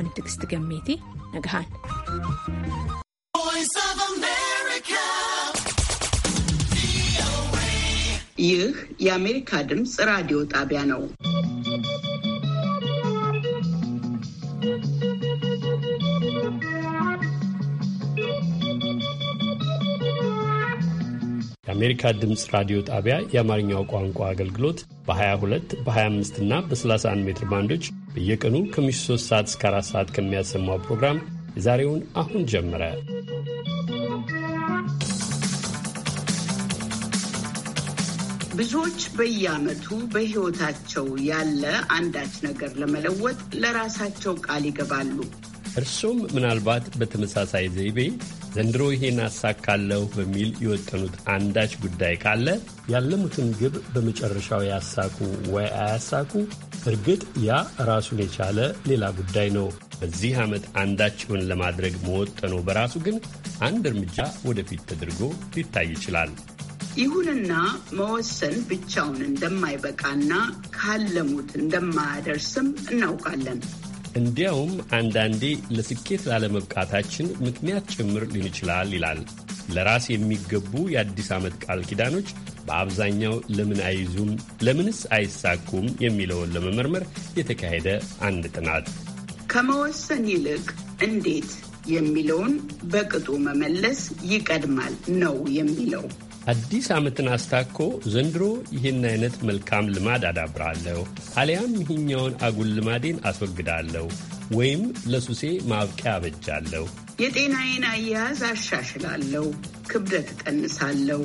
አንትግስት ገሜቴ ነግሃን ይህ የአሜሪካ ድምፅ ራዲዮ ጣቢያ ነው። የአሜሪካ ድምፅ ራዲዮ ጣቢያ የአማርኛው ቋንቋ አገልግሎት በ22 በ25 እና በ31 ሜትር ባንዶች በየቀኑ ከምሽቱ 3 ሰዓት እስከ 4 ሰዓት ከሚያሰማው ፕሮግራም የዛሬውን አሁን ጀመረ። ብዙዎች በየዓመቱ በሕይወታቸው ያለ አንዳች ነገር ለመለወጥ ለራሳቸው ቃል ይገባሉ። እርሱም ምናልባት በተመሳሳይ ዘይቤ ዘንድሮ ይሄን አሳካለሁ በሚል የወጠኑት አንዳች ጉዳይ ካለ ያለሙትን ግብ በመጨረሻው ያሳኩ ወይ አያሳኩ፣ እርግጥ ያ ራሱን የቻለ ሌላ ጉዳይ ነው። በዚህ ዓመት አንዳችውን ለማድረግ መወጠኑ በራሱ ግን አንድ እርምጃ ወደፊት ተደርጎ ሊታይ ይችላል። ይሁንና መወሰን ብቻውን እንደማይበቃና ካለሙት እንደማያደርስም እናውቃለን። እንዲያውም አንዳንዴ ለስኬት ላለመብቃታችን ምክንያት ጭምር ሊሆን ይችላል ይላል። ለራስ የሚገቡ የአዲስ ዓመት ቃል ኪዳኖች በአብዛኛው ለምን አይዙም፣ ለምንስ አይሳኩም የሚለውን ለመመርመር የተካሄደ አንድ ጥናት ከመወሰን ይልቅ እንዴት የሚለውን በቅጡ መመለስ ይቀድማል ነው የሚለው። አዲስ ዓመትን አስታኮ ዘንድሮ ይህን አይነት መልካም ልማድ አዳብራለሁ አሊያም ይህኛውን አጉል ልማዴን አስወግዳለሁ ወይም ለሱሴ ማብቂያ አበጃለሁ፣ የጤናዬን አያያዝ አሻሽላለሁ፣ ክብደት እቀንሳለሁ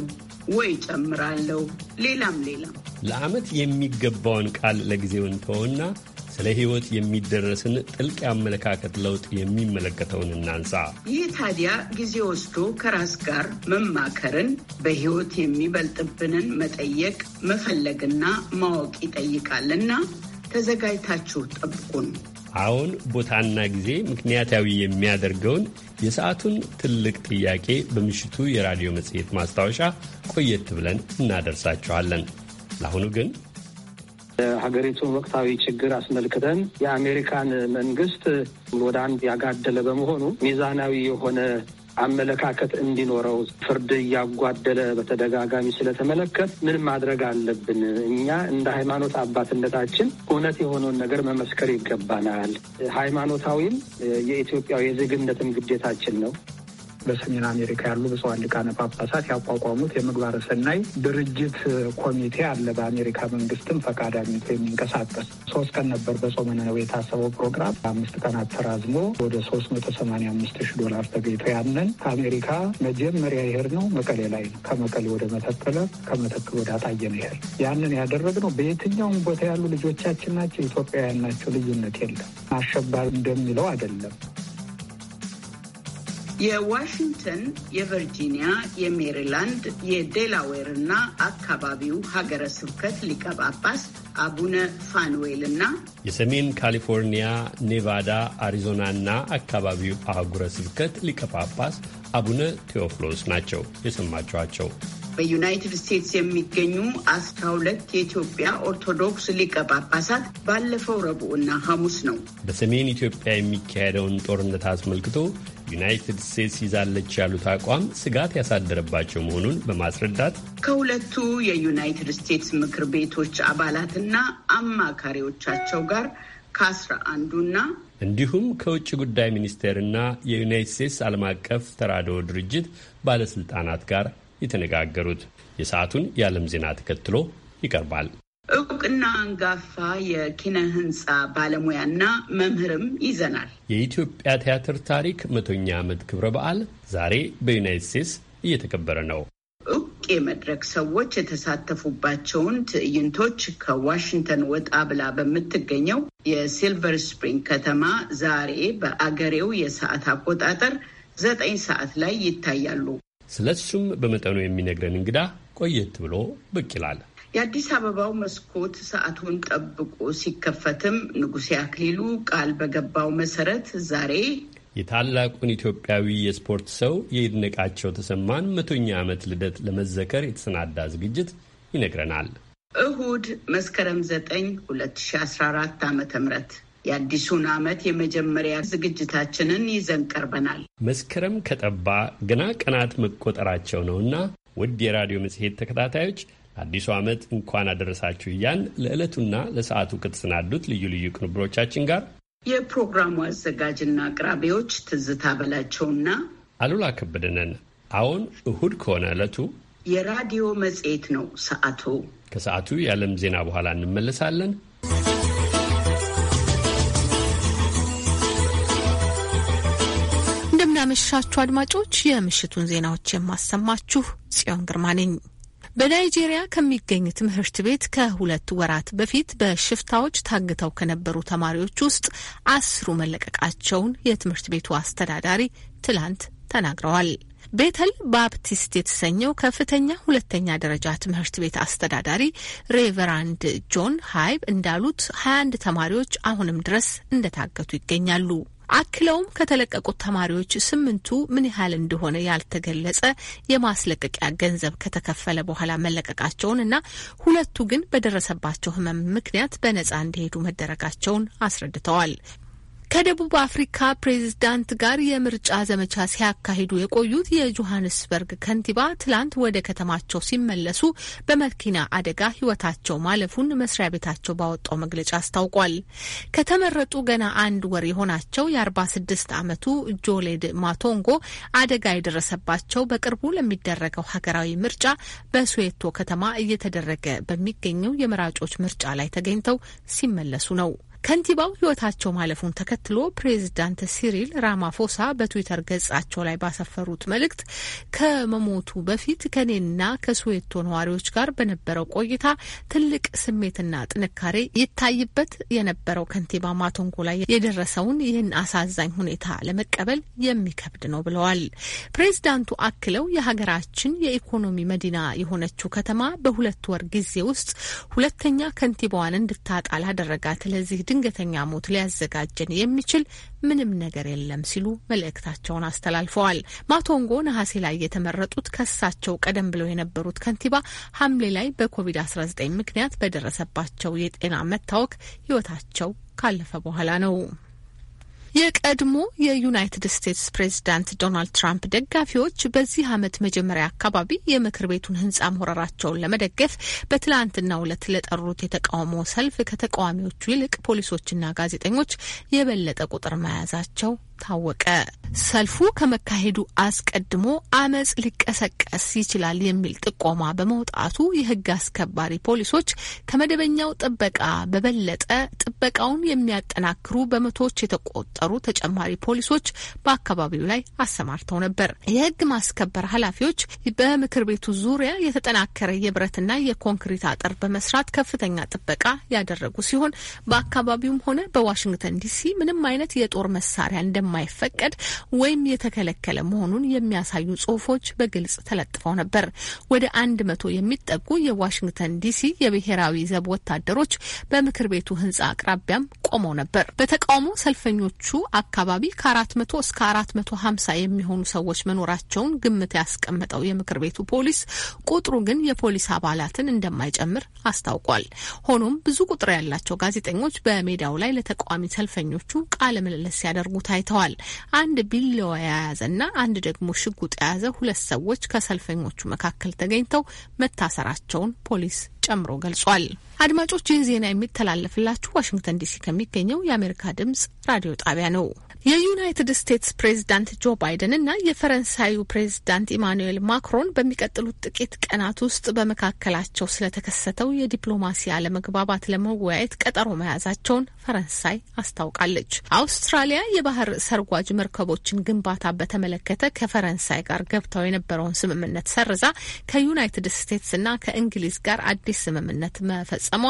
ወይ ጨምራለሁ፣ ሌላም ሌላም ለዓመት የሚገባውን ቃል ለጊዜው ተወና። ስለ ሕይወት የሚደረስን ጥልቅ የአመለካከት ለውጥ የሚመለከተውን እናንሳ። ይህ ታዲያ ጊዜ ወስዶ ከራስ ጋር መማከርን፣ በሕይወት የሚበልጥብንን መጠየቅ፣ መፈለግና ማወቅ ይጠይቃልና ተዘጋጅታችሁ ጠብቁን። አሁን ቦታና ጊዜ ምክንያታዊ የሚያደርገውን የሰዓቱን ትልቅ ጥያቄ በምሽቱ የራዲዮ መጽሔት ማስታወሻ ቆየት ብለን እናደርሳችኋለን። ለአሁኑ ግን የሀገሪቱን ወቅታዊ ችግር አስመልክተን የአሜሪካን መንግስት ወደ አንድ ያጋደለ በመሆኑ ሚዛናዊ የሆነ አመለካከት እንዲኖረው ፍርድ እያጓደለ በተደጋጋሚ ስለተመለከት ምን ማድረግ አለብን? እኛ እንደ ሃይማኖት አባትነታችን እውነት የሆነውን ነገር መመስከር ይገባናል። ሃይማኖታዊም የኢትዮጵያ የዜግነትም ግዴታችን ነው። በሰሜን አሜሪካ ያሉ ብፁዓን ሊቃነ ጳጳሳት ያቋቋሙት የምግባረ ሰናይ ድርጅት ኮሚቴ አለ። በአሜሪካ መንግስትም ፈቃድ አግኝቶ የሚንቀሳቀስ ሶስት ቀን ነበር በጾመ ነነዌ የታሰበው ፕሮግራም አምስት ቀናት ተራዝሞ ወደ ሶስት መቶ ሰማንያ አምስት ሺ ዶላር ተገኝቶ ያንን ከአሜሪካ መጀመሪያ ይሄድ ነው መቀሌ ላይ ነው። ከመቀሌ ወደ መተከለ ከመተከል ወደ አጣየ ነው ይሄድ ያንን ያደረግነው በየትኛውም ቦታ ያሉ ልጆቻችን ናቸው፣ ኢትዮጵያውያን ናቸው። ልዩነት የለም። አሸባሪ እንደሚለው አይደለም። የዋሽንግተን፣ የቨርጂኒያ፣ የሜሪላንድ፣ የዴላዌር እና አካባቢው ሀገረ ስብከት ሊቀ ጳጳስ አቡነ ፋኑኤል እና የሰሜን ካሊፎርኒያ፣ ኔቫዳ፣ አሪዞና እና አካባቢው አህጉረ ስብከት ሊቀ ጳጳስ አቡነ ቴዎፍሎስ ናቸው የሰማችኋቸው። በዩናይትድ ስቴትስ የሚገኙ አስራ ሁለት የኢትዮጵያ ኦርቶዶክስ ሊቀ ጳጳሳት ባለፈው ረቡዕና ሐሙስ ነው በሰሜን ኢትዮጵያ የሚካሄደውን ጦርነት አስመልክቶ ዩናይትድ ስቴትስ ይዛለች ያሉት አቋም ስጋት ያሳደረባቸው መሆኑን በማስረዳት ከሁለቱ የዩናይትድ ስቴትስ ምክር ቤቶች አባላትና አማካሪዎቻቸው ጋር ከአስራ አንዱና እንዲሁም ከውጭ ጉዳይ ሚኒስቴርና የዩናይትድ ስቴትስ ዓለም አቀፍ ተራድኦ ድርጅት ባለስልጣናት ጋር የተነጋገሩት የሰዓቱን የዓለም ዜና ተከትሎ ይቀርባል። እውቅና አንጋፋ የኪነ ህንፃ ባለሙያና መምህርም ይዘናል። የኢትዮጵያ ቲያትር ታሪክ መቶኛ ዓመት ክብረ በዓል ዛሬ በዩናይት ስቴትስ እየተከበረ ነው። እውቅ የመድረክ ሰዎች የተሳተፉባቸውን ትዕይንቶች ከዋሽንግተን ወጣ ብላ በምትገኘው የሲልቨር ስፕሪንግ ከተማ ዛሬ በአገሬው የሰዓት አቆጣጠር ዘጠኝ ሰዓት ላይ ይታያሉ። ስለሱም በመጠኑ የሚነግረን እንግዳ ቆየት ብሎ ብቅ ይላል። የአዲስ አበባው መስኮት ሰዓቱን ጠብቆ ሲከፈትም ንጉሴ አክሊሉ ቃል በገባው መሰረት ዛሬ የታላቁን ኢትዮጵያዊ የስፖርት ሰው የይድነቃቸው ተሰማን መቶኛ ዓመት ልደት ለመዘከር የተሰናዳ ዝግጅት ይነግረናል። እሁድ መስከረም 9 2014 ዓ ም የአዲሱን ዓመት የመጀመሪያ ዝግጅታችንን ይዘን ቀርበናል። መስከረም ከጠባ ገና ቀናት መቆጠራቸው ነውና ውድ የራዲዮ መጽሔት ተከታታዮች አዲሱ ዓመት እንኳን አደረሳችሁ እያን ለዕለቱና ለሰዓቱ ከተሰናዱት ልዩ ልዩ ቅንብሮቻችን ጋር የፕሮግራሙ አዘጋጅና አቅራቢዎች ትዝታ በላቸውና አሉላ ከበደነን። አሁን እሁድ ከሆነ ዕለቱ የራዲዮ መጽሔት ነው። ሰዓቱ ከሰዓቱ የዓለም ዜና በኋላ እንመለሳለን። እንደምናመሻችሁ አድማጮች፣ የምሽቱን ዜናዎች የማሰማችሁ ጽዮን ግርማ ነኝ። በናይጄሪያ ከሚገኝ ትምህርት ቤት ከሁለት ወራት በፊት በሽፍታዎች ታግተው ከነበሩ ተማሪዎች ውስጥ አስሩ መለቀቃቸውን የትምህርት ቤቱ አስተዳዳሪ ትላንት ተናግረዋል። ቤተል ባፕቲስት የተሰኘው ከፍተኛ ሁለተኛ ደረጃ ትምህርት ቤት አስተዳዳሪ ሬቨራንድ ጆን ሃይብ እንዳሉት ሀያ አንድ ተማሪዎች አሁንም ድረስ እንደታገቱ ይገኛሉ። አክለውም ከተለቀቁት ተማሪዎች ስምንቱ ምን ያህል እንደሆነ ያልተገለጸ የማስለቀቂያ ገንዘብ ከተከፈለ በኋላ መለቀቃቸውን እና ሁለቱ ግን በደረሰባቸው ሕመም ምክንያት በነጻ እንዲሄዱ መደረጋቸውን አስረድተዋል። ከደቡብ አፍሪካ ፕሬዝዳንት ጋር የምርጫ ዘመቻ ሲያካሂዱ የቆዩት የጆሀንስበርግ ከንቲባ ትላንት ወደ ከተማቸው ሲመለሱ በመኪና አደጋ ሕይወታቸው ማለፉን መስሪያ ቤታቸው ባወጣው መግለጫ አስታውቋል። ከተመረጡ ገና አንድ ወር የሆናቸው የ46 ዓመቱ ጆሌድ ማቶንጎ አደጋ የደረሰባቸው በቅርቡ ለሚደረገው ሀገራዊ ምርጫ በስዌቶ ከተማ እየተደረገ በሚገኘው የመራጮች ምርጫ ላይ ተገኝተው ሲመለሱ ነው። ከንቲባው ህይወታቸው ማለፉን ተከትሎ ፕሬዚዳንት ሲሪል ራማፎሳ በትዊተር ገጻቸው ላይ ባሰፈሩት መልእክት ከመሞቱ በፊት ከኔና ከስዌቶ ነዋሪዎች ጋር በነበረው ቆይታ ትልቅ ስሜትና ጥንካሬ ይታይበት የነበረው ከንቲባ ማቶንጎ ላይ የደረሰውን ይህን አሳዛኝ ሁኔታ ለመቀበል የሚከብድ ነው ብለዋል። ፕሬዚዳንቱ አክለው የሀገራችን የኢኮኖሚ መዲና የሆነችው ከተማ በሁለት ወር ጊዜ ውስጥ ሁለተኛ ከንቲባዋን እንድታጣ ላደረጋት ለዚህ ድንገተኛ ሞት ሊያዘጋጀን የሚችል ምንም ነገር የለም ሲሉ መልእክታቸውን አስተላልፈዋል። ማቶንጎ ነሐሴ ላይ የተመረጡት ከሳቸው ቀደም ብለው የነበሩት ከንቲባ ሐምሌ ላይ በኮቪድ-19 ምክንያት በደረሰባቸው የጤና መታወክ ሕይወታቸው ካለፈ በኋላ ነው። የቀድሞ የዩናይትድ ስቴትስ ፕሬዚዳንት ዶናልድ ትራምፕ ደጋፊዎች በዚህ ዓመት መጀመሪያ አካባቢ የምክር ቤቱን ህንጻ መውረራቸውን ለመደገፍ በትላንትናው ዕለት ለጠሩት የተቃውሞ ሰልፍ ከተቃዋሚዎቹ ይልቅ ፖሊሶችና ጋዜጠኞች የበለጠ ቁጥር መያዛቸው ታወቀ። ሰልፉ ከመካሄዱ አስቀድሞ አመፅ ሊቀሰቀስ ይችላል የሚል ጥቆማ በመውጣቱ የህግ አስከባሪ ፖሊሶች ከመደበኛው ጥበቃ በበለጠ ጥበቃውን የሚያጠናክሩ በመቶዎች የተቆጠሩ ተጨማሪ ፖሊሶች በአካባቢው ላይ አሰማርተው ነበር። የህግ ማስከበር ኃላፊዎች በምክር ቤቱ ዙሪያ የተጠናከረ የብረትና የኮንክሪት አጥር በመስራት ከፍተኛ ጥበቃ ያደረጉ ሲሆን በአካባቢውም ሆነ በዋሽንግተን ዲሲ ምንም አይነት የጦር መሳሪያ እንደማ የማይፈቀድ ወይም የተከለከለ መሆኑን የሚያሳዩ ጽሁፎች በግልጽ ተለጥፈው ነበር። ወደ አንድ መቶ የሚጠጉ የዋሽንግተን ዲሲ የብሔራዊ ዘብ ወታደሮች በምክር ቤቱ ህንጻ አቅራቢያም ቆመው ነበር። በተቃውሞ ሰልፈኞቹ አካባቢ ከአራት መቶ እስከ አራት መቶ ሀምሳ የሚሆኑ ሰዎች መኖራቸውን ግምት ያስቀመጠው የምክር ቤቱ ፖሊስ ቁጥሩ ግን የፖሊስ አባላትን እንደማይጨምር አስታውቋል። ሆኖም ብዙ ቁጥር ያላቸው ጋዜጠኞች በሜዳው ላይ ለተቃዋሚ ሰልፈኞቹ ቃለ ምልልስ ሲያደርጉ ታይተዋል። ተገኝተዋል። አንድ ቢላዋ የያዘና አንድ ደግሞ ሽጉጥ የያዘ ሁለት ሰዎች ከሰልፈኞቹ መካከል ተገኝተው መታሰራቸውን ፖሊስ ጨምሮ ገልጿል። አድማጮች ይህ ዜና የሚተላለፍላችሁ ዋሽንግተን ዲሲ ከሚገኘው የአሜሪካ ድምጽ ራዲዮ ጣቢያ ነው። የዩናይትድ ስቴትስ ፕሬዝዳንት ጆ ባይደን እና የፈረንሳዩ ፕሬዝዳንት ኢማኑኤል ማክሮን በሚቀጥሉት ጥቂት ቀናት ውስጥ በመካከላቸው ስለተከሰተው የዲፕሎማሲ አለመግባባት ለመወያየት ቀጠሮ መያዛቸውን ፈረንሳይ አስታውቃለች። አውስትራሊያ የባህር ሰርጓጅ መርከቦችን ግንባታ በተመለከተ ከፈረንሳይ ጋር ገብተው የነበረውን ስምምነት ሰርዛ ከዩናይትድ ስቴትስና ከእንግሊዝ ጋር አዲስ ስምምነት መፈጸሟ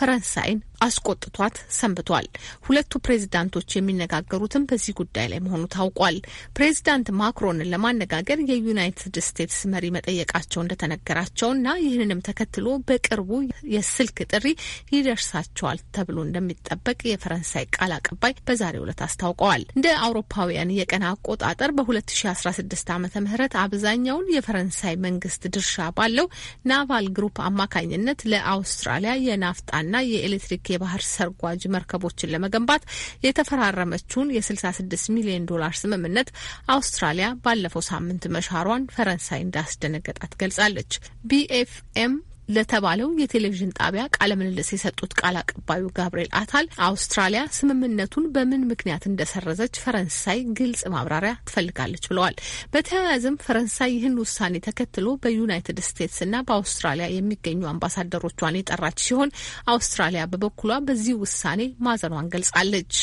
ፈረንሳይን አስቆጥቷት ሰንብቷል። ሁለቱ ፕሬዚዳንቶች የሚነጋገሩትም በዚህ ጉዳይ ላይ መሆኑ ታውቋል። ፕሬዚዳንት ማክሮንን ለማነጋገር የዩናይትድ ስቴትስ መሪ መጠየቃቸው እንደተነገራቸውና ይህንንም ተከትሎ በቅርቡ የስልክ ጥሪ ይደርሳቸዋል ተብሎ እንደሚጠበቅ እንደሚለቅ የፈረንሳይ ቃል አቀባይ በዛሬው ዕለት አስታውቀዋል። እንደ አውሮፓውያን የቀን አቆጣጠር በ2016 ዓ ምህረት አብዛኛውን የፈረንሳይ መንግስት ድርሻ ባለው ናቫል ግሩፕ አማካኝነት ለአውስትራሊያ የናፍጣና የኤሌክትሪክ የባህር ሰርጓጅ መርከቦችን ለመገንባት የተፈራረመችውን የ66 ሚሊዮን ዶላር ስምምነት አውስትራሊያ ባለፈው ሳምንት መሻሯን ፈረንሳይ እንዳስደነገጣት ገልጻለች። ቢኤፍኤም ለተባለው የቴሌቪዥን ጣቢያ ቃለ ምልልስ የሰጡት ቃል አቀባዩ ጋብርኤል አታል አውስትራሊያ ስምምነቱን በምን ምክንያት እንደሰረዘች ፈረንሳይ ግልጽ ማብራሪያ ትፈልጋለች ብለዋል። በተያያዘም ፈረንሳይ ይህን ውሳኔ ተከትሎ በዩናይትድ ስቴትስ እና በአውስትራሊያ የሚገኙ አምባሳደሮቿን የጠራች ሲሆን አውስትራሊያ በበኩሏ በዚህ ውሳኔ ማዘኗን ገልጻለች።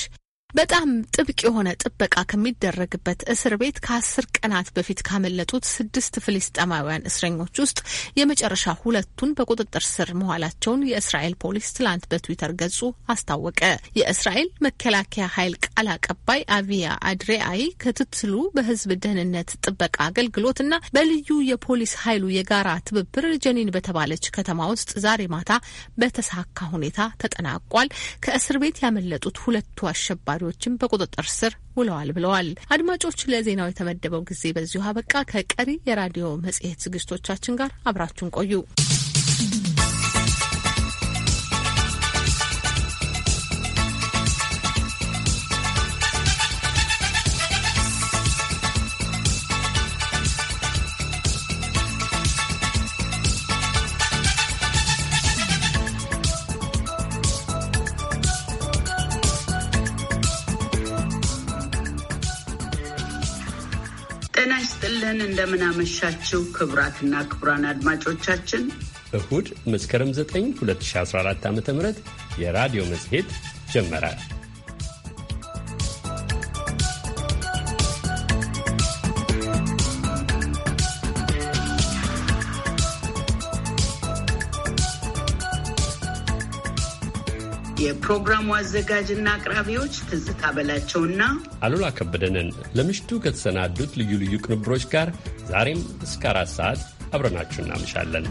በጣም ጥብቅ የሆነ ጥበቃ ከሚደረግበት እስር ቤት ከአስር ቀናት በፊት ካመለጡት ስድስት ፍልስጤማውያን እስረኞች ውስጥ የመጨረሻ ሁለቱን በቁጥጥር ስር መዋላቸውን የእስራኤል ፖሊስ ትላንት በትዊተር ገጹ አስታወቀ። የእስራኤል መከላከያ ኃይል ቃል አቀባይ አቪያ አድሬአይ ክትትሉ በህዝብ ደህንነት ጥበቃ አገልግሎት እና በልዩ የፖሊስ ኃይሉ የጋራ ትብብር ጀኒን በተባለች ከተማ ውስጥ ዛሬ ማታ በተሳካ ሁኔታ ተጠናቋል። ከእስር ቤት ያመለጡት ሁለቱ አሸባሪ ኃይሎችም በቁጥጥር ስር ውለዋል ብለዋል። አድማጮች፣ ለዜናው የተመደበው ጊዜ በዚሁ አበቃ። ከቀሪ የራዲዮ መጽሔት ዝግጅቶቻችን ጋር አብራችሁን ቆዩ። እንደምናለን እንደምናመሻችው ክቡራትና ክቡራን አድማጮቻችን እሁድ መስከረም 9 2014 ዓ ም የራዲዮ መጽሔት ጀመራል። የፕሮግራሙ አዘጋጅና አቅራቢዎች ትዝታ በላቸውና አሉላ ከበደንን ለምሽቱ ከተሰናዱት ልዩ ልዩ ቅንብሮች ጋር ዛሬም እስከ አራት ሰዓት አብረናችሁ እናምሻለን።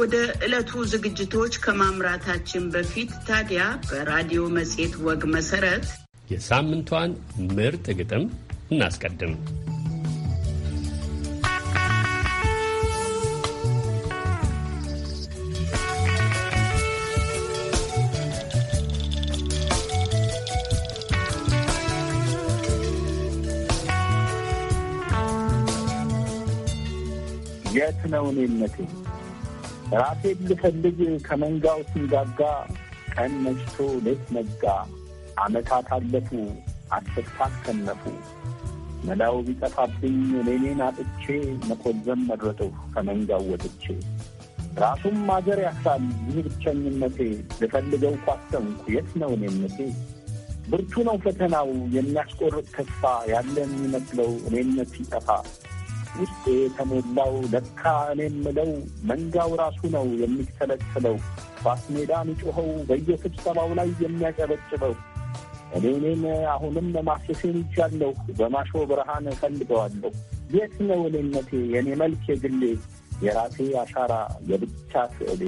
ወደ ዕለቱ ዝግጅቶች ከማምራታችን በፊት ታዲያ በራዲዮ መጽሔት ወግ መሰረት የሳምንቷን ምርጥ ግጥም እናስቀድም። የት ነው እኔነቴ? ራሴን ልፈልግ ከመንጋው ሲንጋጋ ቀን መሽቶ ሌት ነጋ። ዓመታት አለፉ አስርታት ከነፉ መላው ቢጠፋብኝ እኔኔን አጥቼ መቆዘም መረጥሁ ከመንጋው ወጥቼ ራሱም አገር ያክራል ይህ ብቸኝነቴ ልፈልገው ኳሰንኩ የት ነው እኔነቴ? ብርቱ ነው ፈተናው የሚያስቆርጥ ተስፋ ያለ የሚመስለው እኔነት ሲጠፋ ውስጥ የተሞላው ለካ እኔ የምለው መንጋው ራሱ ነው የሚከለክለው ኳስ ሜዳ ንጮኸው በየስብሰባው ላይ የሚያጨበጭበው እኔ እኔን አሁንም ማሸሴን ይቻለሁ በማሾ ብርሃን እፈልገዋለሁ የት ነው እኔነቴ የእኔ መልክ የግሌ የራሴ አሻራ የብቻ ስዕሌ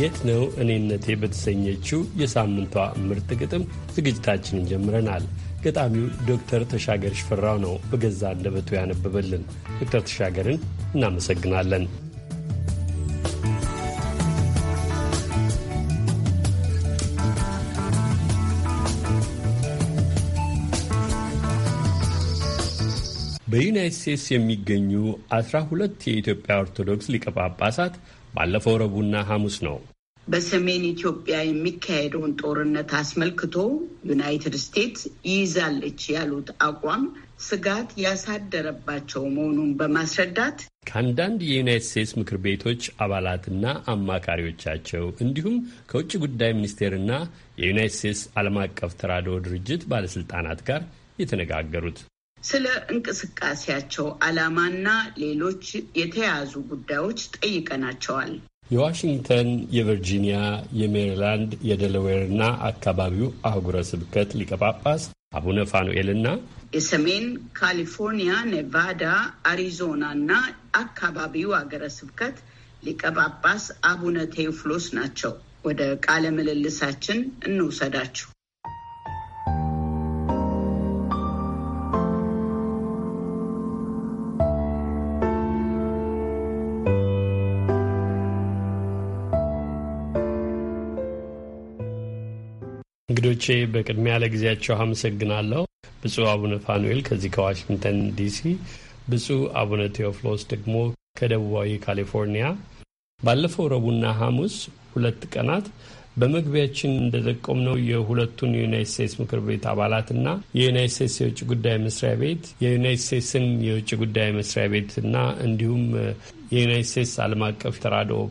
የት ነው እኔነቴ በተሰኘችው የሳምንቷ ምርጥ ግጥም ዝግጅታችንን ጀምረናል። ገጣሚው ዶክተር ተሻገር ሽፈራው ነው በገዛ አንደበቱ ያነበበልን። ዶክተር ተሻገርን እናመሰግናለን። በዩናይት ስቴትስ የሚገኙ አስራ ሁለት የኢትዮጵያ ኦርቶዶክስ ሊቀ ጳጳሳት ባለፈው ረቡዕና ሐሙስ ነው። በሰሜን ኢትዮጵያ የሚካሄደውን ጦርነት አስመልክቶ ዩናይትድ ስቴትስ ይይዛለች ያሉት አቋም ስጋት ያሳደረባቸው መሆኑን በማስረዳት ከአንዳንድ የዩናይትድ ስቴትስ ምክር ቤቶች አባላትና አማካሪዎቻቸው እንዲሁም ከውጭ ጉዳይ ሚኒስቴርና የዩናይትድ ስቴትስ ዓለም አቀፍ ተራድኦ ድርጅት ባለስልጣናት ጋር የተነጋገሩት ስለ እንቅስቃሴያቸው ዓላማና ሌሎች የተያያዙ ጉዳዮች ጠይቀናቸዋል። የዋሽንግተን፣ የቨርጂኒያ፣ የሜሪላንድ፣ የደለዌርና አካባቢው አህጉረ ስብከት ሊቀ ጳጳስ አቡነ እና የሰሜን ካሊፎርኒያ፣ ኔቫዳ፣ አሪዞና እና አካባቢው አገረ ስብከት ሊቀ ጳጳስ አቡነ ቴዎፍሎስ ናቸው። ወደ ቃለ ምልልሳችን እንውሰዳችሁ። እንግዶቼ በቅድሚያ ለጊዜያቸው አመሰግናለሁ። ብፁዕ አቡነ ፋኑኤል ከዚህ ከዋሽንግተን ዲሲ፣ ብፁዕ አቡነ ቴዎፍሎስ ደግሞ ከደቡባዊ ካሊፎርኒያ ባለፈው ረቡና ሐሙስ ሁለት ቀናት በመግቢያችን እንደጠቆምነው የሁለቱን የዩናይት ስቴትስ ምክር ቤት አባላትና የዩናይት ስቴትስ የውጭ ጉዳይ መስሪያ ቤት የዩናይት ስቴትስን የውጭ ጉዳይ መስሪያ ቤትና እንዲሁም የዩናይት ስቴትስ ዓለም አቀፍ ተራድኦ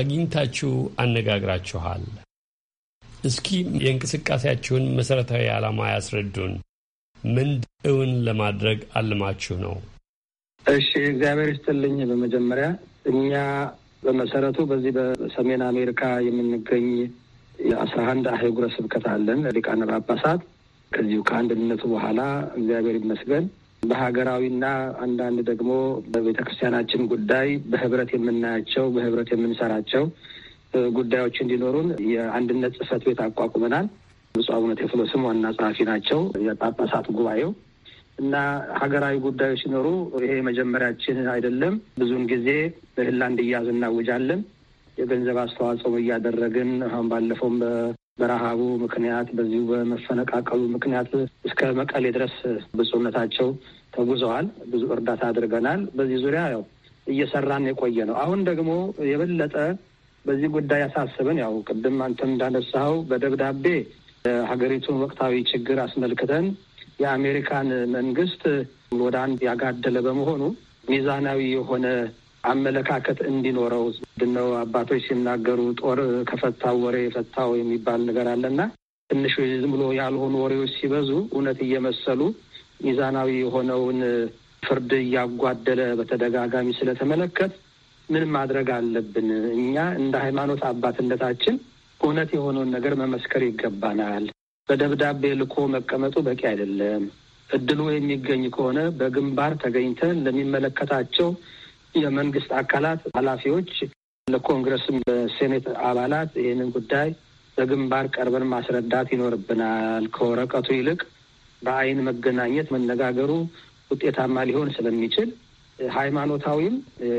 አግኝታችሁ አነጋግራችኋል። እስኪ የእንቅስቃሴያችሁን መሠረታዊ ዓላማ ያስረዱን። ምን እውን ለማድረግ አልማችሁ ነው? እሺ፣ እግዚአብሔር ይስጥልኝ። በመጀመሪያ እኛ በመሰረቱ በዚህ በሰሜን አሜሪካ የምንገኝ የአስራ አንድ አህጉረ ስብከት አለን ሊቃነ ጳጳሳት። ከዚሁ ከአንድነቱ በኋላ እግዚአብሔር ይመስገን በሀገራዊና አንዳንድ ደግሞ በቤተ ክርስቲያናችን ጉዳይ በህብረት የምናያቸው በህብረት የምንሰራቸው ጉዳዮች እንዲኖሩን የአንድነት ጽህፈት ቤት አቋቁመናል። ብፁዕ አቡነ ቴዎፍሎስም ዋና ጸሐፊ ናቸው የጳጳሳት ጉባኤው እና ሀገራዊ ጉዳዮች ሲኖሩ ይሄ መጀመሪያችን አይደለም። ብዙውን ጊዜ በህላ እያዝ እናውጃለን። የገንዘብ አስተዋጽኦ እያደረግን አሁን ባለፈውም በረሃቡ ምክንያት በዚሁ በመፈነቃቀሉ ምክንያት እስከ መቀሌ ድረስ ብፁዕነታቸው ተጉዘዋል። ብዙ እርዳታ አድርገናል። በዚህ ዙሪያ ያው እየሰራን የቆየ ነው። አሁን ደግሞ የበለጠ በዚህ ጉዳይ ያሳስብን። ያው ቅድም አንተም እንዳነሳኸው በደብዳቤ ሀገሪቱን ወቅታዊ ችግር አስመልክተን የአሜሪካን መንግስት ወደ አንድ ያጋደለ በመሆኑ ሚዛናዊ የሆነ አመለካከት እንዲኖረው ድነው አባቶች ሲናገሩ ጦር ከፈታው ወሬ የፈታው የሚባል ነገር አለና ትንሹ ዝም ብሎ ያልሆኑ ወሬዎች ሲበዙ እውነት እየመሰሉ ሚዛናዊ የሆነውን ፍርድ እያጓደለ በተደጋጋሚ ስለተመለከት ምን ማድረግ አለብን? እኛ እንደ ሃይማኖት አባትነታችን እውነት የሆነውን ነገር መመስከር ይገባናል። በደብዳቤ ልኮ መቀመጡ በቂ አይደለም። እድሉ የሚገኝ ከሆነ በግንባር ተገኝተን ለሚመለከታቸው የመንግስት አካላት ኃላፊዎች፣ ለኮንግረስም በሴኔት አባላት ይህንን ጉዳይ በግንባር ቀርበን ማስረዳት ይኖርብናል። ከወረቀቱ ይልቅ በአይን መገናኘት መነጋገሩ ውጤታማ ሊሆን ስለሚችል ሃይማኖታዊም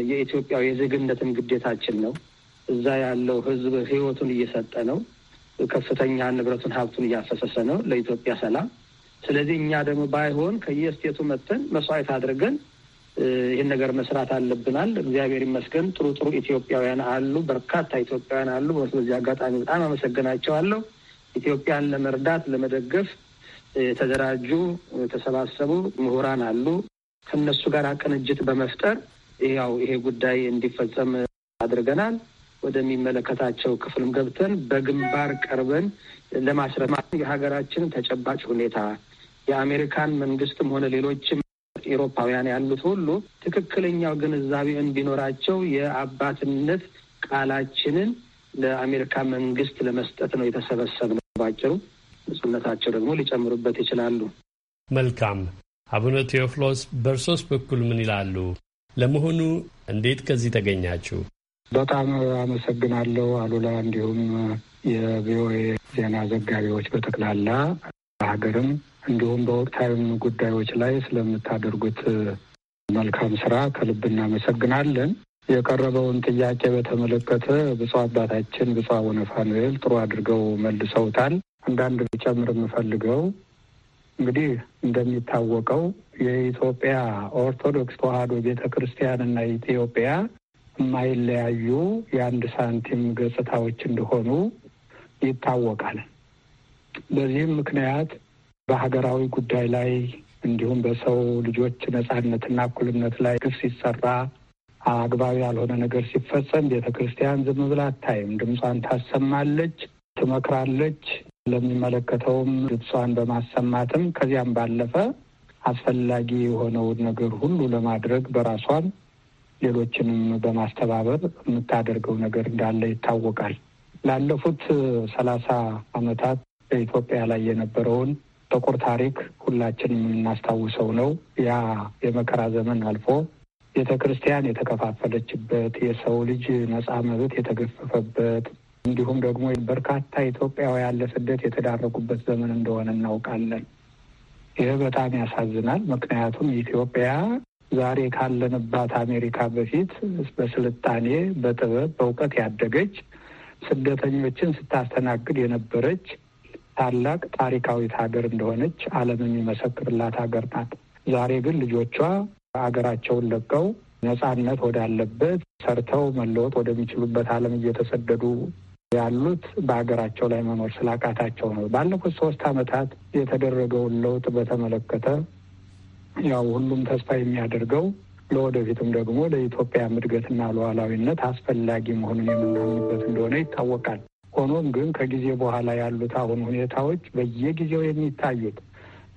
የኢትዮጵያዊ የዜግነትም ግዴታችን ነው። እዛ ያለው ህዝብ ህይወቱን እየሰጠ ነው። ከፍተኛ ንብረቱን ሀብቱን እያፈሰሰ ነው ለኢትዮጵያ ሰላም። ስለዚህ እኛ ደግሞ ባይሆን ከየስቴቱ መጥተን መስዋዕት አድርገን ይህን ነገር መስራት አለብናል። እግዚአብሔር ይመስገን ጥሩ ጥሩ ኢትዮጵያውያን አሉ፣ በርካታ ኢትዮጵያውያን አሉ። በዚህ አጋጣሚ በጣም አመሰግናቸዋለሁ። ኢትዮጵያን ለመርዳት ለመደገፍ የተደራጁ የተሰባሰቡ ምሁራን አሉ። ከነሱ ጋር ቅንጅት በመፍጠር ያው ይሄ ጉዳይ እንዲፈጸም አድርገናል። ወደሚመለከታቸው ክፍልም ገብተን በግንባር ቀርበን ለማስረማት የሀገራችን ተጨባጭ ሁኔታ የአሜሪካን መንግስትም ሆነ ሌሎችም አውሮፓውያን ያሉት ሁሉ ትክክለኛው ግንዛቤ እንዲኖራቸው የአባትነት ቃላችንን ለአሜሪካ መንግስት ለመስጠት ነው የተሰበሰብነው። ባጭሩ ብፁዕነታቸው ደግሞ ሊጨምሩበት ይችላሉ። መልካም አቡነ ቴዎፍሎስ በእርሶስ በኩል ምን ይላሉ? ለመሆኑ እንዴት ከዚህ ተገኛችሁ? በጣም አመሰግናለሁ አሉላ፣ እንዲሁም የቪኦኤ ዜና ዘጋቢዎች በጠቅላላ በሀገርም እንዲሁም በወቅታዊም ጉዳዮች ላይ ስለምታደርጉት መልካም ስራ ከልብ እናመሰግናለን። የቀረበውን ጥያቄ በተመለከተ ብፁዕ አባታችን ብፁዕ አቡነ ፋኑኤል ጥሩ አድርገው መልሰውታል። አንዳንድ ጨምር የምፈልገው እንግዲህ እንደሚታወቀው የኢትዮጵያ ኦርቶዶክስ ተዋህዶ ቤተ እና ኢትዮጵያ የማይለያዩ የአንድ ሳንቲም ገጽታዎች እንደሆኑ ይታወቃል። በዚህም ምክንያት በሀገራዊ ጉዳይ ላይ እንዲሁም በሰው ልጆች ነጻነትና እኩልነት ላይ ግፍ ሲሰራ አግባብ ያልሆነ ነገር ሲፈጸም ቤተ ክርስቲያን ዝም ብላ አታይም። ድምጿን ታሰማለች፣ ትመክራለች፣ ለሚመለከተውም ልብሷን በማሰማትም ከዚያም ባለፈ አስፈላጊ የሆነውን ነገር ሁሉ ለማድረግ በራሷም ሌሎችንም በማስተባበር የምታደርገው ነገር እንዳለ ይታወቃል። ላለፉት ሰላሳ ዓመታት በኢትዮጵያ ላይ የነበረውን ጥቁር ታሪክ ሁላችን የምናስታውሰው ነው። ያ የመከራ ዘመን አልፎ ቤተ ክርስቲያን የተከፋፈለችበት፣ የሰው ልጅ ነጻ መብት የተገፈፈበት እንዲሁም ደግሞ በርካታ ኢትዮጵያውያን ለስደት የተዳረጉበት ዘመን እንደሆነ እናውቃለን። ይህ በጣም ያሳዝናል። ምክንያቱም ኢትዮጵያ ዛሬ ካለንባት አሜሪካ በፊት በስልጣኔ፣ በጥበብ፣ በእውቀት ያደገች ስደተኞችን ስታስተናግድ የነበረች ታላቅ ታሪካዊት ሀገር እንደሆነች ዓለም የሚመሰክርላት ሀገር ናት። ዛሬ ግን ልጆቿ ሀገራቸውን ለቀው ነጻነት ወዳለበት ሰርተው መለወጥ ወደሚችሉበት ዓለም እየተሰደዱ ያሉት በሀገራቸው ላይ መኖር ስላቃታቸው ነው። ባለፉት ሶስት አመታት የተደረገውን ለውጥ በተመለከተ ያው ሁሉም ተስፋ የሚያደርገው ለወደፊትም ደግሞ ለኢትዮጵያ እድገትና ሉዓላዊነት አስፈላጊ መሆኑን የምናምንበት እንደሆነ ይታወቃል። ሆኖም ግን ከጊዜ በኋላ ያሉት አሁን ሁኔታዎች በየጊዜው የሚታዩት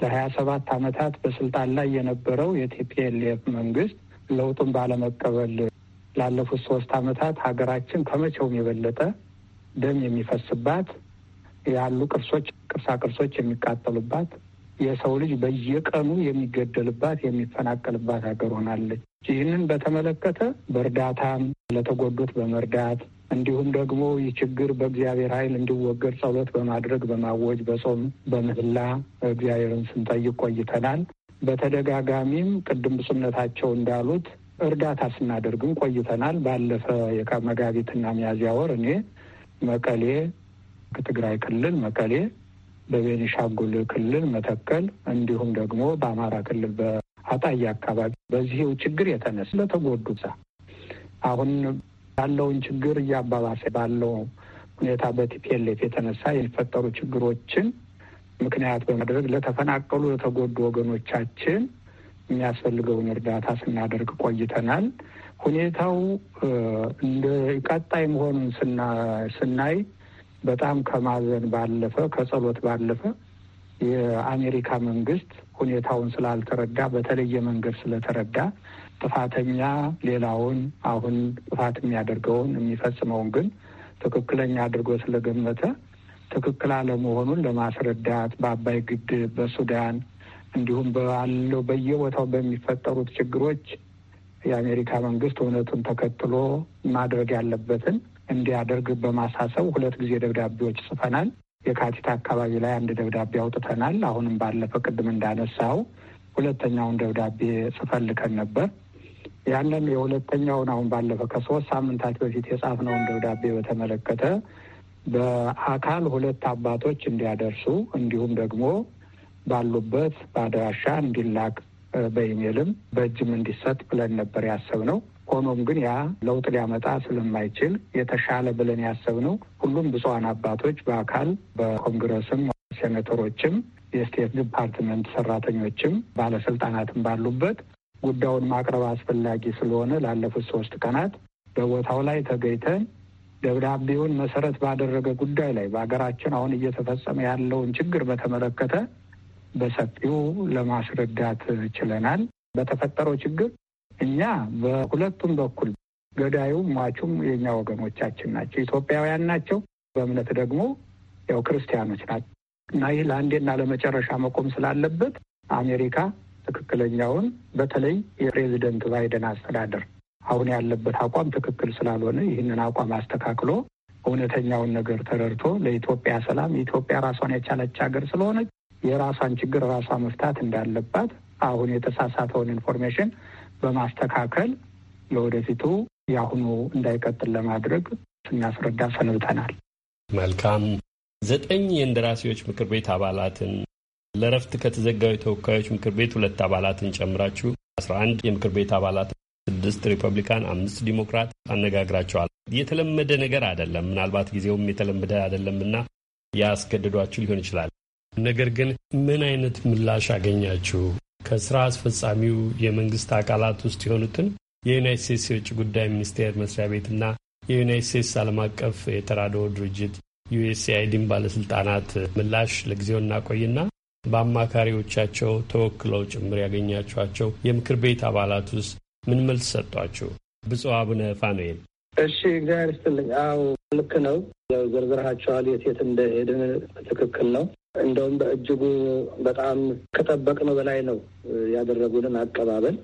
ለሀያ ሰባት አመታት በስልጣን ላይ የነበረው የቲፒኤልኤፍ መንግስት ለውጡን ባለመቀበል ላለፉት ሶስት አመታት ሀገራችን ከመቼውም የበለጠ ደም የሚፈስባት ያሉ ቅርሶች፣ ቅርሳ ቅርሶች የሚቃጠሉባት የሰው ልጅ በየቀኑ የሚገደልባት የሚፈናቀልባት ሀገር ሆናለች። ይህንን በተመለከተ በእርዳታም ለተጎዱት በመርዳት እንዲሁም ደግሞ ይህ ችግር በእግዚአብሔር ኃይል እንዲወገድ ጸሎት በማድረግ በማወጅ በጾም በምህላ እግዚአብሔርን ስንጠይቅ ቆይተናል። በተደጋጋሚም ቅድም ብፁዕነታቸው እንዳሉት እርዳታ ስናደርግም ቆይተናል። ባለፈ የመጋቢትና ሚያዝያ ወር እኔ መቀሌ ከትግራይ ክልል መቀሌ፣ በቤኒሻንጉል ክልል መተከል፣ እንዲሁም ደግሞ በአማራ ክልል በአጣዬ አካባቢ በዚህው ችግር የተነሳ ለተጎዱ አሁን ያለውን ችግር እያባባሰ ባለው ሁኔታ በቲፒኤልኤፍ የተነሳ የሚፈጠሩ ችግሮችን ምክንያት በማድረግ ለተፈናቀሉ ለተጎዱ ወገኖቻችን የሚያስፈልገውን እርዳታ ስናደርግ ቆይተናል። ሁኔታው እንደ ቀጣይ መሆኑን ስናይ በጣም ከማዘን ባለፈ ከጸሎት ባለፈ የአሜሪካ መንግስት ሁኔታውን ስላልተረዳ በተለየ መንገድ ስለተረዳ ጥፋተኛ ሌላውን አሁን ጥፋት የሚያደርገውን የሚፈጽመውን ግን ትክክለኛ አድርጎ ስለገመተ ትክክል አለመሆኑን ለማስረዳት በአባይ ግድብ፣ በሱዳን እንዲሁም ባለው በየቦታው በሚፈጠሩት ችግሮች የአሜሪካ መንግስት እውነቱን ተከትሎ ማድረግ ያለበትን እንዲያደርግ በማሳሰብ ሁለት ጊዜ ደብዳቤዎች ጽፈናል። የካቲት አካባቢ ላይ አንድ ደብዳቤ አውጥተናል። አሁንም ባለፈ ቅድም እንዳነሳው ሁለተኛውን ደብዳቤ ጽፈልከን ነበር። ያንን የሁለተኛውን አሁን ባለፈ ከሶስት ሳምንታት በፊት የጻፍነውን ደብዳቤ በተመለከተ በአካል ሁለት አባቶች እንዲያደርሱ እንዲሁም ደግሞ ባሉበት በአድራሻ እንዲላክ በኢሜልም በእጅም እንዲሰጥ ብለን ነበር ያሰብነው። ሆኖም ግን ያ ለውጥ ሊያመጣ ስለማይችል የተሻለ ብለን ያሰብነው ሁሉም ብፁዓን አባቶች በአካል በኮንግረስም፣ ሴኔተሮችም፣ የስቴት ዲፓርትመንት ሰራተኞችም ባለስልጣናትም ባሉበት ጉዳዩን ማቅረብ አስፈላጊ ስለሆነ ላለፉት ሶስት ቀናት በቦታው ላይ ተገኝተን ደብዳቤውን መሰረት ባደረገ ጉዳይ ላይ በሀገራችን አሁን እየተፈጸመ ያለውን ችግር በተመለከተ በሰፊው ለማስረዳት ችለናል። በተፈጠረው ችግር እኛ በሁለቱም በኩል ገዳዩ ሟቹም የእኛ ወገኖቻችን ናቸው፣ ኢትዮጵያውያን ናቸው። በእምነት ደግሞ ያው ክርስቲያኖች ናቸው እና ይህ ለአንዴና ለመጨረሻ መቆም ስላለበት አሜሪካ ትክክለኛውን በተለይ የፕሬዚደንት ባይደን አስተዳደር አሁን ያለበት አቋም ትክክል ስላልሆነ ይህንን አቋም አስተካክሎ እውነተኛውን ነገር ተረድቶ ለኢትዮጵያ ሰላም ኢትዮጵያ ራሷን የቻለች ሀገር ስለሆነች የራሷን ችግር ራሷ መፍታት እንዳለባት አሁን የተሳሳተውን ኢንፎርሜሽን በማስተካከል ለወደፊቱ የአሁኑ እንዳይቀጥል ለማድረግ ስናስረዳ ሰንብተናል። መልካም ዘጠኝ የእንደራሴዎች ምክር ቤት አባላትን ለረፍት ከተዘጋው የተወካዮች ምክር ቤት ሁለት አባላትን ጨምራችሁ አስራ አንድ የምክር ቤት አባላት ስድስት ሪፐብሊካን፣ አምስት ዲሞክራት አነጋግራቸዋል። የተለመደ ነገር አይደለም። ምናልባት ጊዜውም የተለመደ አይደለምና ያስገድዷችሁ ሊሆን ይችላል። ነገር ግን ምን አይነት ምላሽ አገኛችሁ? ከስራ አስፈጻሚው የመንግስት አካላት ውስጥ የሆኑትን የዩናይት ስቴትስ የውጭ ጉዳይ ሚኒስቴር መስሪያ ቤትና የዩናይት ስቴትስ ዓለም አቀፍ የተራድኦ ድርጅት ዩኤስኤአይዲን ባለስልጣናት ምላሽ ለጊዜው እናቆይና በአማካሪዎቻቸው ተወክለው ጭምር ያገኛችኋቸው የምክር ቤት አባላት ውስጥ ምን መልስ ሰጧችሁ? ብፁዕ አቡነ ፋኑኤል። እሺ፣ እግዚአብሔር ይስጥልኝ። አዎ ልክ ነው። ዘርዝራችኋል። የት የት እንደሄድን ትክክል ነው። እንደውም በእጅጉ በጣም ከጠበቅነው በላይ ነው ያደረጉልን አቀባበል።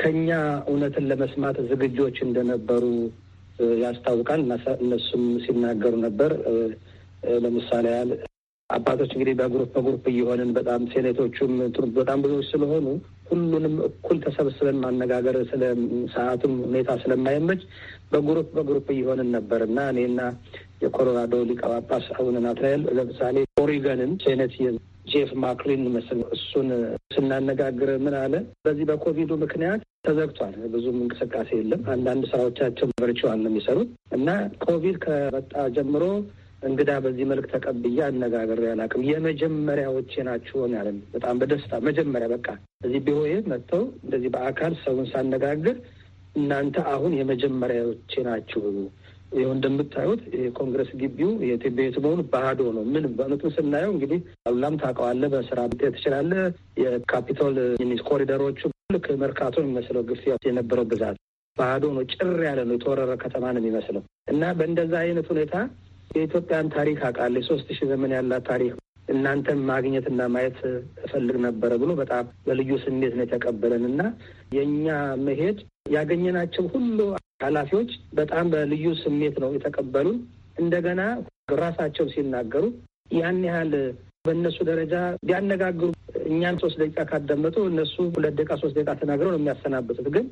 ከኛ እውነትን ለመስማት ዝግጆች እንደነበሩ ያስታውቃል። እነሱም ሲናገሩ ነበር። ለምሳሌ ያህል አባቶች እንግዲህ በግሩፕ በግሩፕ እየሆንን በጣም ሴኔቶቹም በጣም ብዙዎች ስለሆኑ ሁሉንም እኩል ተሰብስበን ማነጋገር ስለ ሰዓቱም ሁኔታ ስለማይመች በግሩፕ በግሩፕ እየሆንን ነበር እና እኔና የኮሎራዶ ሊቀ ጳጳስ አቡነ ናትናኤል ለምሳሌ ኦሪገንን ሴኔት ጄፍ ማክሊን መስል እሱን ስናነጋግር ምን አለ፣ በዚህ በኮቪዱ ምክንያት ተዘግቷል። ብዙም እንቅስቃሴ የለም። አንዳንድ ስራዎቻቸው ቨርቹዋል ነው የሚሰሩት እና ኮቪድ ከመጣ ጀምሮ እንግዳ በዚህ መልክ ተቀብዬ አነጋግሬ አላውቅም። የመጀመሪያዎቼ ናችሁ ያለ በጣም በደስታ መጀመሪያ በቃ እዚህ ቢሮዬ መጥተው እንደዚህ በአካል ሰውን ሳነጋግር እናንተ አሁን የመጀመሪያዎቼ ናችሁ ይኸው እንደምታዩት የኮንግረስ ግቢው የቤት መሆኑ ባዶ ነው። ምን በእውነቱ ስናየው እንግዲህ አሉላም ታውቀዋለህ፣ በስራ ብታይ ትችላለህ። የካፒቶል ኮሪደሮቹ ልክ መርካቶ የሚመስለው ግፊያ የነበረው ብዛት ባዶ ነው። ጭር ያለ ነው። የተወረረ ከተማ ነው የሚመስለው እና በእንደዛ አይነት ሁኔታ የኢትዮጵያን ታሪክ አውቃለሁ። የሶስት ሺህ ዘመን ያላት ታሪክ እናንተም ማግኘትና ማየት እፈልግ ነበረ ብሎ በጣም በልዩ ስሜት ነው የተቀበለን እና የእኛ መሄድ ያገኘናቸው ሁሉ ኃላፊዎች በጣም በልዩ ስሜት ነው የተቀበሉን። እንደገና ራሳቸው ሲናገሩ ያን ያህል በእነሱ ደረጃ ቢያነጋግሩ እኛን ሶስት ደቂቃ ካዳመጡ እነሱ ሁለት ደቂቃ ሶስት ደቂቃ ተናግረው ነው የሚያሰናብጡት። ግን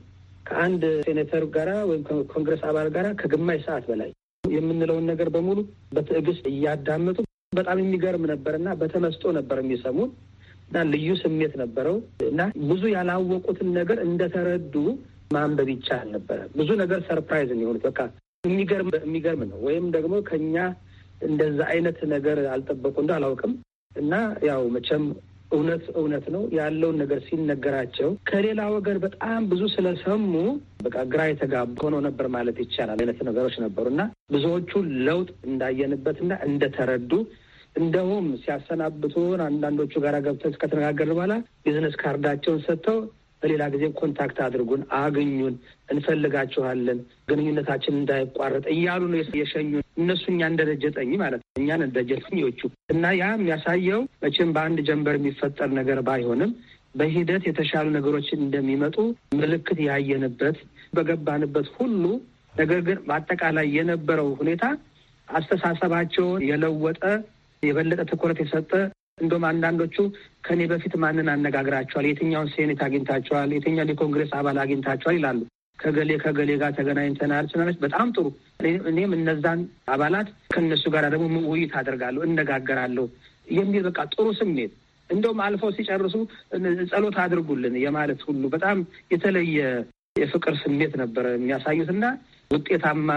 ከአንድ ሴኔተር ጋራ ወይም ከኮንግረስ አባል ጋራ ከግማሽ ሰዓት በላይ የምንለውን ነገር በሙሉ በትዕግስት እያዳመጡ በጣም የሚገርም ነበር እና በተመስጦ ነበር የሚሰሙን እና ልዩ ስሜት ነበረው እና ብዙ ያላወቁትን ነገር እንደተረዱ ማንበብ ይቻል ነበረ። ብዙ ነገር ሰርፕራይዝ የሆኑት በቃ የሚገርም የሚገርም ነው። ወይም ደግሞ ከኛ እንደዛ አይነት ነገር አልጠበቁ እንደ አላውቅም። እና ያው መቼም እውነት እውነት ነው ያለውን ነገር ሲነገራቸው ከሌላ ወገን በጣም ብዙ ስለሰሙ በቃ ግራ የተጋ ሆነው ነበር ማለት ይቻላል አይነት ነገሮች ነበሩ እና ብዙዎቹ ለውጥ እንዳየንበትና እንደተረዱ እንደውም ሲያሰናብቱን አንዳንዶቹ ጋር ገብተን ከተነጋገር በኋላ ቢዝነስ ካርዳቸውን ሰጥተው በሌላ ጊዜ ኮንታክት አድርጉን፣ አግኙን፣ እንፈልጋችኋለን፣ ግንኙነታችን እንዳይቋረጥ እያሉ ነው የሸኙ እነሱ እኛ እንደደጀጠኝ ማለት ነው፣ እኛን እንደጀጠኞቹ እና ያ የሚያሳየው መቼም በአንድ ጀንበር የሚፈጠር ነገር ባይሆንም በሂደት የተሻሉ ነገሮች እንደሚመጡ ምልክት ያየንበት በገባንበት ሁሉ ነገር ግን በአጠቃላይ የነበረው ሁኔታ አስተሳሰባቸውን የለወጠ የበለጠ ትኩረት የሰጠ እንደውም አንዳንዶቹ ከኔ በፊት ማንን አነጋግራቸዋል፣ የትኛውን ሴኔት አግኝታቸዋል፣ የትኛውን የኮንግሬስ አባል አግኝታቸዋል ይላሉ። ከገሌ ከገሌ ጋር ተገናኝተናል ስላለች በጣም ጥሩ። እኔም እነዛን አባላት ከእነሱ ጋር ደግሞ ውይይት አደርጋለሁ፣ እነጋገራለሁ የሚል በቃ ጥሩ ስሜት እንደውም አልፈው ሲጨርሱ ጸሎት አድርጉልን የማለት ሁሉ በጣም የተለየ የፍቅር ስሜት ነበር የሚያሳዩት እና ውጤታማ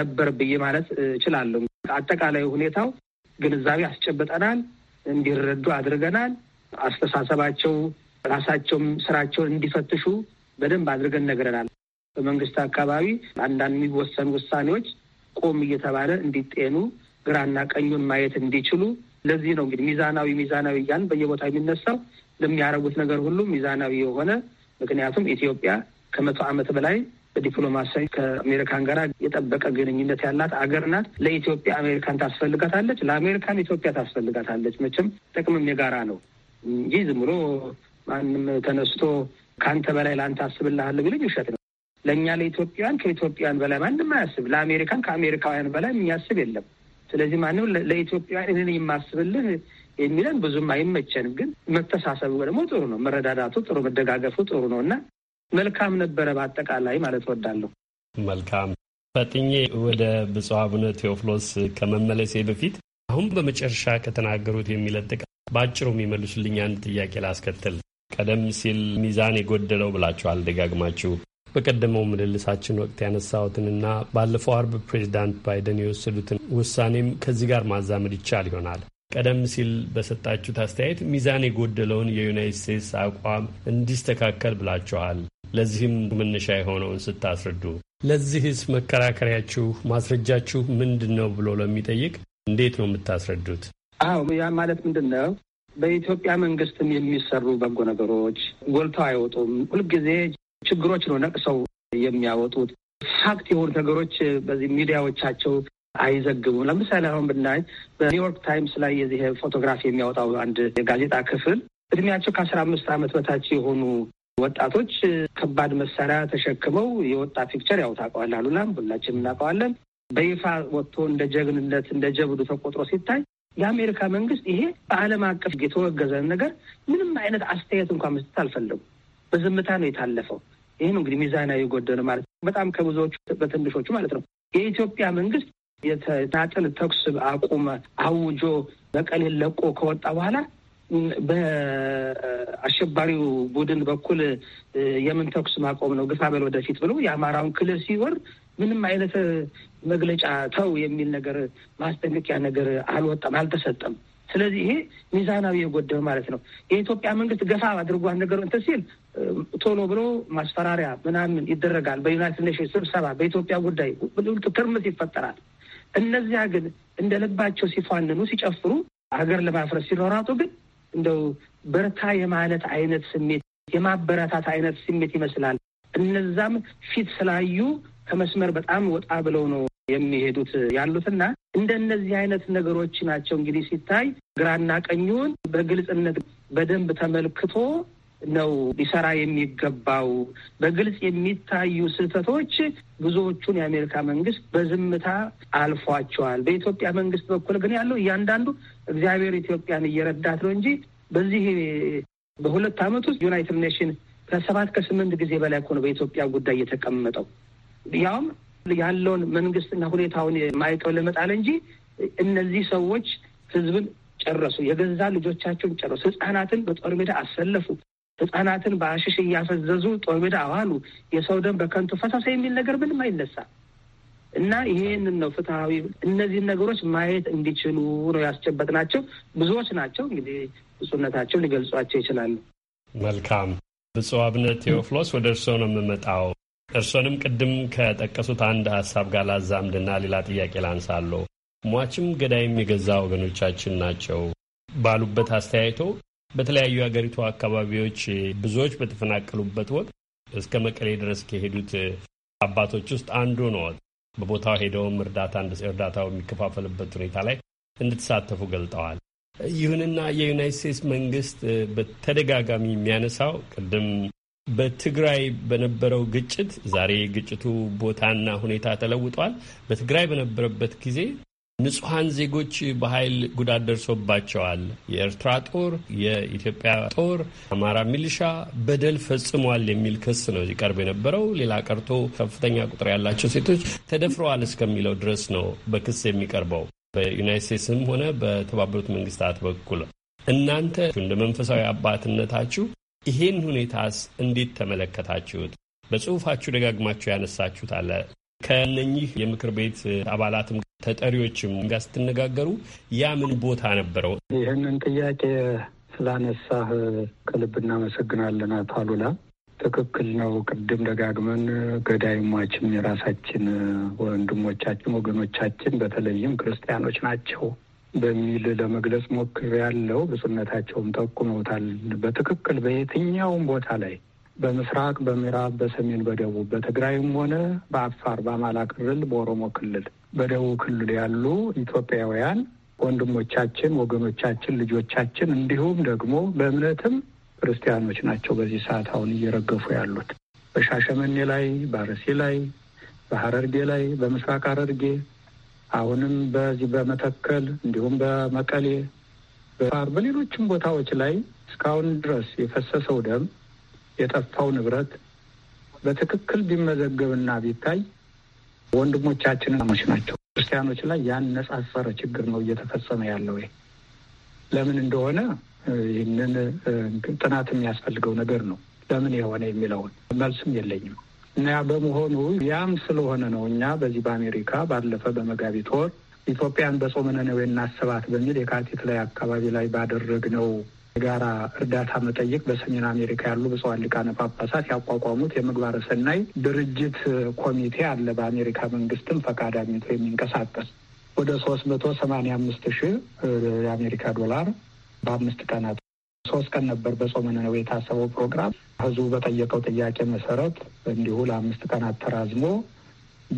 ነበር ብዬ ማለት እችላለሁ። አጠቃላይ ሁኔታው ግንዛቤ አስጨብጠናል። እንዲረዱ አድርገናል። አስተሳሰባቸው ራሳቸውም ስራቸውን እንዲፈትሹ በደንብ አድርገን ነግረናል። በመንግስት አካባቢ አንዳንድ የሚወሰኑ ውሳኔዎች ቆም እየተባለ እንዲጤኑ፣ ግራና ቀኙን ማየት እንዲችሉ። ለዚህ ነው እንግዲህ ሚዛናዊ ሚዛናዊ እያን በየቦታው የሚነሳው ለሚያደርጉት ነገር ሁሉ ሚዛናዊ የሆነ ምክንያቱም ኢትዮጵያ ከመቶ ዓመት በላይ በዲፕሎማሲያዊ ከአሜሪካን ጋር የጠበቀ ግንኙነት ያላት አገር ናት። ለኢትዮጵያ አሜሪካን ታስፈልጋታለች፣ ለአሜሪካን ኢትዮጵያ ታስፈልጋታለች። መቼም ጥቅምም የጋራ ነው እንጂ ዝም ብሎ ማንም ተነስቶ ከአንተ በላይ ለአንተ አስብልሃል ብልኝ ውሸት ነው። ለእኛ ለኢትዮጵያውያን ከኢትዮጵያውያን በላይ ማንም አያስብ፣ ለአሜሪካን ከአሜሪካውያን በላይ የሚያስብ የለም። ስለዚህ ማንም ለኢትዮጵያውያን እኔን የማስብልህ የሚለን ብዙም አይመቸንም። ግን መተሳሰቡ ደግሞ ጥሩ ነው፣ መረዳዳቱ ጥሩ፣ መደጋገፉ ጥሩ ነው እና መልካም ነበረ በአጠቃላይ ማለት ወዳለሁ። መልካም ፈጥኜ ወደ ብፁዕ አቡነ ቴዎፍሎስ ከመመለሴ በፊት አሁን በመጨረሻ ከተናገሩት የሚለጥቅ በአጭሩ የሚመልሱልኝ አንድ ጥያቄ ላስከትል። ቀደም ሲል ሚዛን የጎደለው ብላችኋል ደጋግማችሁ በቀደመው ምልልሳችን ወቅት ያነሳሁትንና ባለፈው አርብ ፕሬዚዳንት ባይደን የወሰዱትን ውሳኔም ከዚህ ጋር ማዛመድ ይቻል ይሆናል። ቀደም ሲል በሰጣችሁት አስተያየት ሚዛን የጎደለውን የዩናይት ስቴትስ አቋም እንዲስተካከል ብላችኋል። ለዚህም መነሻ የሆነውን ስታስረዱ ለዚህስ መከራከሪያችሁ ማስረጃችሁ ምንድን ነው ብሎ ለሚጠይቅ እንዴት ነው የምታስረዱት? አዎ ያ ማለት ምንድን ነው? በኢትዮጵያ መንግስትም የሚሰሩ በጎ ነገሮች ጎልተው አይወጡም። ሁልጊዜ ችግሮች ነው ነቅሰው የሚያወጡት። ፋክት የሆኑ ነገሮች በዚህ ሚዲያዎቻቸው አይዘግቡም። ለምሳሌ አሁን ብናይ በኒውዮርክ ታይምስ ላይ የዚህ ፎቶግራፍ የሚያወጣው አንድ የጋዜጣ ክፍል እድሜያቸው ከአስራ አምስት ዓመት በታች የሆኑ ወጣቶች ከባድ መሳሪያ ተሸክመው የወጣ ፒክቸር ያው ታውቀዋለህ አሉላም ሁላችንም እናውቀዋለን። በይፋ ወጥቶ እንደ ጀግንነት እንደ ጀብዱ ተቆጥሮ ሲታይ የአሜሪካ መንግስት ይሄ በዓለም አቀፍ የተወገዘ ነገር ምንም አይነት አስተያየት እንኳን መስጠት አልፈለጉ፣ በዝምታ ነው የታለፈው። ይህን እንግዲህ ሚዛናዊ ጎደለ ማለት በጣም ከብዙዎቹ በትንሾቹ ማለት ነው። የኢትዮጵያ መንግስት የተናጠል ተኩስ አቁም አውጆ መቀሌን ለቆ ከወጣ በኋላ በአሸባሪው ቡድን በኩል የምን ተኩስ ማቆም ነው ግፋ በል ወደፊት ብሎ የአማራውን ክልል ሲወር ምንም አይነት መግለጫ ተው የሚል ነገር ማስጠንቀቂያ ነገር አልወጣም፣ አልተሰጠም። ስለዚህ ይሄ ሚዛናዊ የጎደለ ማለት ነው። የኢትዮጵያ መንግስት ገፋ አድርጓን ነገር እንትን ሲል ቶሎ ብሎ ማስፈራሪያ ምናምን ይደረጋል። በዩናይትድ ኔሽንስ ስብሰባ በኢትዮጵያ ጉዳይ ትርምስ ይፈጠራል። እነዚያ ግን እንደ ልባቸው ሲፋንኑ ሲጨፍሩ፣ ሀገር ለማፍረስ ሲሯሯጡ ግን እንደው በርታ የማለት አይነት ስሜት የማበረታት አይነት ስሜት ይመስላል። እነዛም ፊት ስላዩ ከመስመር በጣም ወጣ ብለው ነው የሚሄዱት ያሉትና እንደ እነዚህ አይነት ነገሮች ናቸው እንግዲህ ሲታይ ግራና ቀኙን በግልጽነት በደንብ ተመልክቶ ነው ሊሰራ የሚገባው። በግልጽ የሚታዩ ስህተቶች ብዙዎቹን የአሜሪካ መንግስት በዝምታ አልፏቸዋል። በኢትዮጵያ መንግስት በኩል ግን ያለው እያንዳንዱ እግዚአብሔር ኢትዮጵያን እየረዳት ነው እንጂ በዚህ በሁለት ዓመት ውስጥ ዩናይትድ ኔሽን ከሰባት ከስምንት ጊዜ በላይ እኮ ነው በኢትዮጵያ ጉዳይ እየተቀመጠው ያውም ያለውን መንግስትና ሁኔታውን ማይቀው ለመጣል እንጂ እነዚህ ሰዎች ህዝብን ጨረሱ። የገዛ ልጆቻቸውን ጨረሱ። ህጻናትን በጦር ሜዳ አሰለፉ። ህጻናትን በአሽሽ እያፈዘዙ ጦር ሜዳ አዋሉ፣ የሰው ደም በከንቱ ፈሰሰ የሚል ነገር ምንም አይነሳ እና ይሄንን ነው ፍትሐዊ። እነዚህን ነገሮች ማየት እንዲችሉ ነው ያስጨበጥናቸው። ብዙዎች ናቸው እንግዲህ ብፁዕነታቸው ሊገልጿቸው ይችላሉ። መልካም ብፁዕ አቡነ ቴዎፍሎስ ወደ እርስዎ ነው የምመጣው። እርስዎንም ቅድም ከጠቀሱት አንድ ሀሳብ ጋር ላዛምድና ሌላ ጥያቄ ላንሳለሁ። ሟችም ገዳይም የገዛ ወገኖቻችን ናቸው ባሉበት አስተያየቶ በተለያዩ የሀገሪቱ አካባቢዎች ብዙዎች በተፈናቀሉበት ወቅት እስከ መቀሌ ድረስ ከሄዱት አባቶች ውስጥ አንዱ ነው። በቦታው ሄደውም እርዳታ እርዳታው የሚከፋፈልበት ሁኔታ ላይ እንድትሳተፉ ገልጠዋል። ይሁንና የዩናይት ስቴትስ መንግስት በተደጋጋሚ የሚያነሳው ቅድም በትግራይ በነበረው ግጭት ዛሬ ግጭቱ ቦታና ሁኔታ ተለውጧል። በትግራይ በነበረበት ጊዜ ንጹሐን ዜጎች በኃይል ጉዳት ደርሶባቸዋል። የኤርትራ ጦር፣ የኢትዮጵያ ጦር፣ አማራ ሚሊሻ በደል ፈጽሟል የሚል ክስ ነው ቀርብ የነበረው። ሌላ ቀርቶ ከፍተኛ ቁጥር ያላቸው ሴቶች ተደፍረዋል እስከሚለው ድረስ ነው በክስ የሚቀርበው በዩናይት ስቴትስም ሆነ በተባበሩት መንግስታት በኩል። እናንተ እንደ መንፈሳዊ አባትነታችሁ ይሄን ሁኔታስ እንዴት ተመለከታችሁት? በጽሁፋችሁ ደጋግማችሁ ያነሳችሁት አለ ከነኚህ የምክር ቤት አባላትም ተጠሪዎችም ጋር ስትነጋገሩ ያ ምን ቦታ ነበረው? ይህንን ጥያቄ ስላነሳህ ከልብ እናመሰግናለን አቶ አሉላ። ትክክል ነው። ቅድም ደጋግመን ገዳይሟችን የራሳችን ወንድሞቻችን፣ ወገኖቻችን በተለይም ክርስቲያኖች ናቸው በሚል ለመግለጽ ሞክር ያለው ብፁዕነታቸውም ጠቁመውታል። በትክክል በየትኛውም ቦታ ላይ በምስራቅ፣ በምዕራብ፣ በሰሜን፣ በደቡብ በትግራይም ሆነ በአፋር፣ በአማራ ክልል፣ በኦሮሞ ክልል፣ በደቡብ ክልል ያሉ ኢትዮጵያውያን ወንድሞቻችን፣ ወገኖቻችን፣ ልጆቻችን እንዲሁም ደግሞ በእምነትም ክርስቲያኖች ናቸው። በዚህ ሰዓት አሁን እየረገፉ ያሉት በሻሸመኔ ላይ፣ በአርሲ ላይ፣ በሀረርጌ ላይ፣ በምስራቅ አረርጌ አሁንም በዚህ በመተከል እንዲሁም በመቀሌ በሌሎችም ቦታዎች ላይ እስካሁን ድረስ የፈሰሰው ደም የጠፋው ንብረት በትክክል ቢመዘገብና ቢታይ ወንድሞቻችን ሞች ናቸው ክርስቲያኖች ላይ ያነጻጸረ ችግር ነው እየተፈጸመ ያለው። ለምን እንደሆነ ይህንን ጥናት የሚያስፈልገው ነገር ነው። ለምን የሆነ የሚለውን መልስም የለኝም እና በመሆኑ ያም ስለሆነ ነው እኛ በዚህ በአሜሪካ ባለፈ በመጋቢት ወር ኢትዮጵያን በጾመ ነነዌ እናስባት በሚል የካቲት ላይ አካባቢ ላይ ባደረግነው የጋራ እርዳታ መጠየቅ በሰሜን አሜሪካ ያሉ ብፁዓን ሊቃነ ጳጳሳት ያቋቋሙት የምግባረ ሰናይ ድርጅት ኮሚቴ አለ። በአሜሪካ መንግስትም ፈቃድ አግኝቶ የሚንቀሳቀስ ወደ ሶስት መቶ ሰማንያ አምስት ሺህ የአሜሪካ ዶላር በአምስት ቀናት ሶስት ቀን ነበር በጾመ ነነዌ የታሰበው ፕሮግራም። ህዝቡ በጠየቀው ጥያቄ መሰረት እንዲሁ ለአምስት ቀናት ተራዝሞ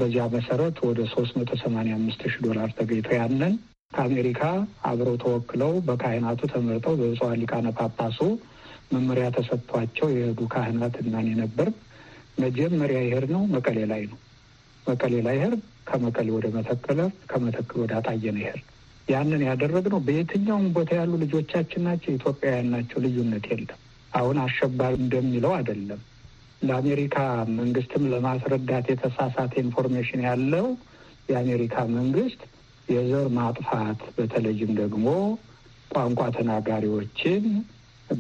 በዚያ መሰረት ወደ ሶስት መቶ ሰማንያ አምስት ሺህ ዶላር ተገኝቶ ያንን ከአሜሪካ አብረው ተወክለው በካህናቱ ተመርጠው በብፁዓን ሊቃነ ጳጳሱ መመሪያ ተሰጥቷቸው የሄዱ ካህናት እናኔ ነበር። መጀመሪያ ይሄድ ነው መቀሌ ላይ ነው። መቀሌ ላይ ይሄድ፣ ከመቀሌ ወደ መተከለ፣ ከመተከል ወደ አጣየ ነው ይሄድ። ያንን ያደረግነው በየትኛውም ቦታ ያሉ ልጆቻችን ናቸው፣ ኢትዮጵያውያን ናቸው። ልዩነት የለም። አሁን አሸባሪ እንደሚለው አይደለም። ለአሜሪካ መንግስትም ለማስረዳት የተሳሳተ ኢንፎርሜሽን ያለው የአሜሪካ መንግስት የዘር ማጥፋት በተለይም ደግሞ ቋንቋ ተናጋሪዎችን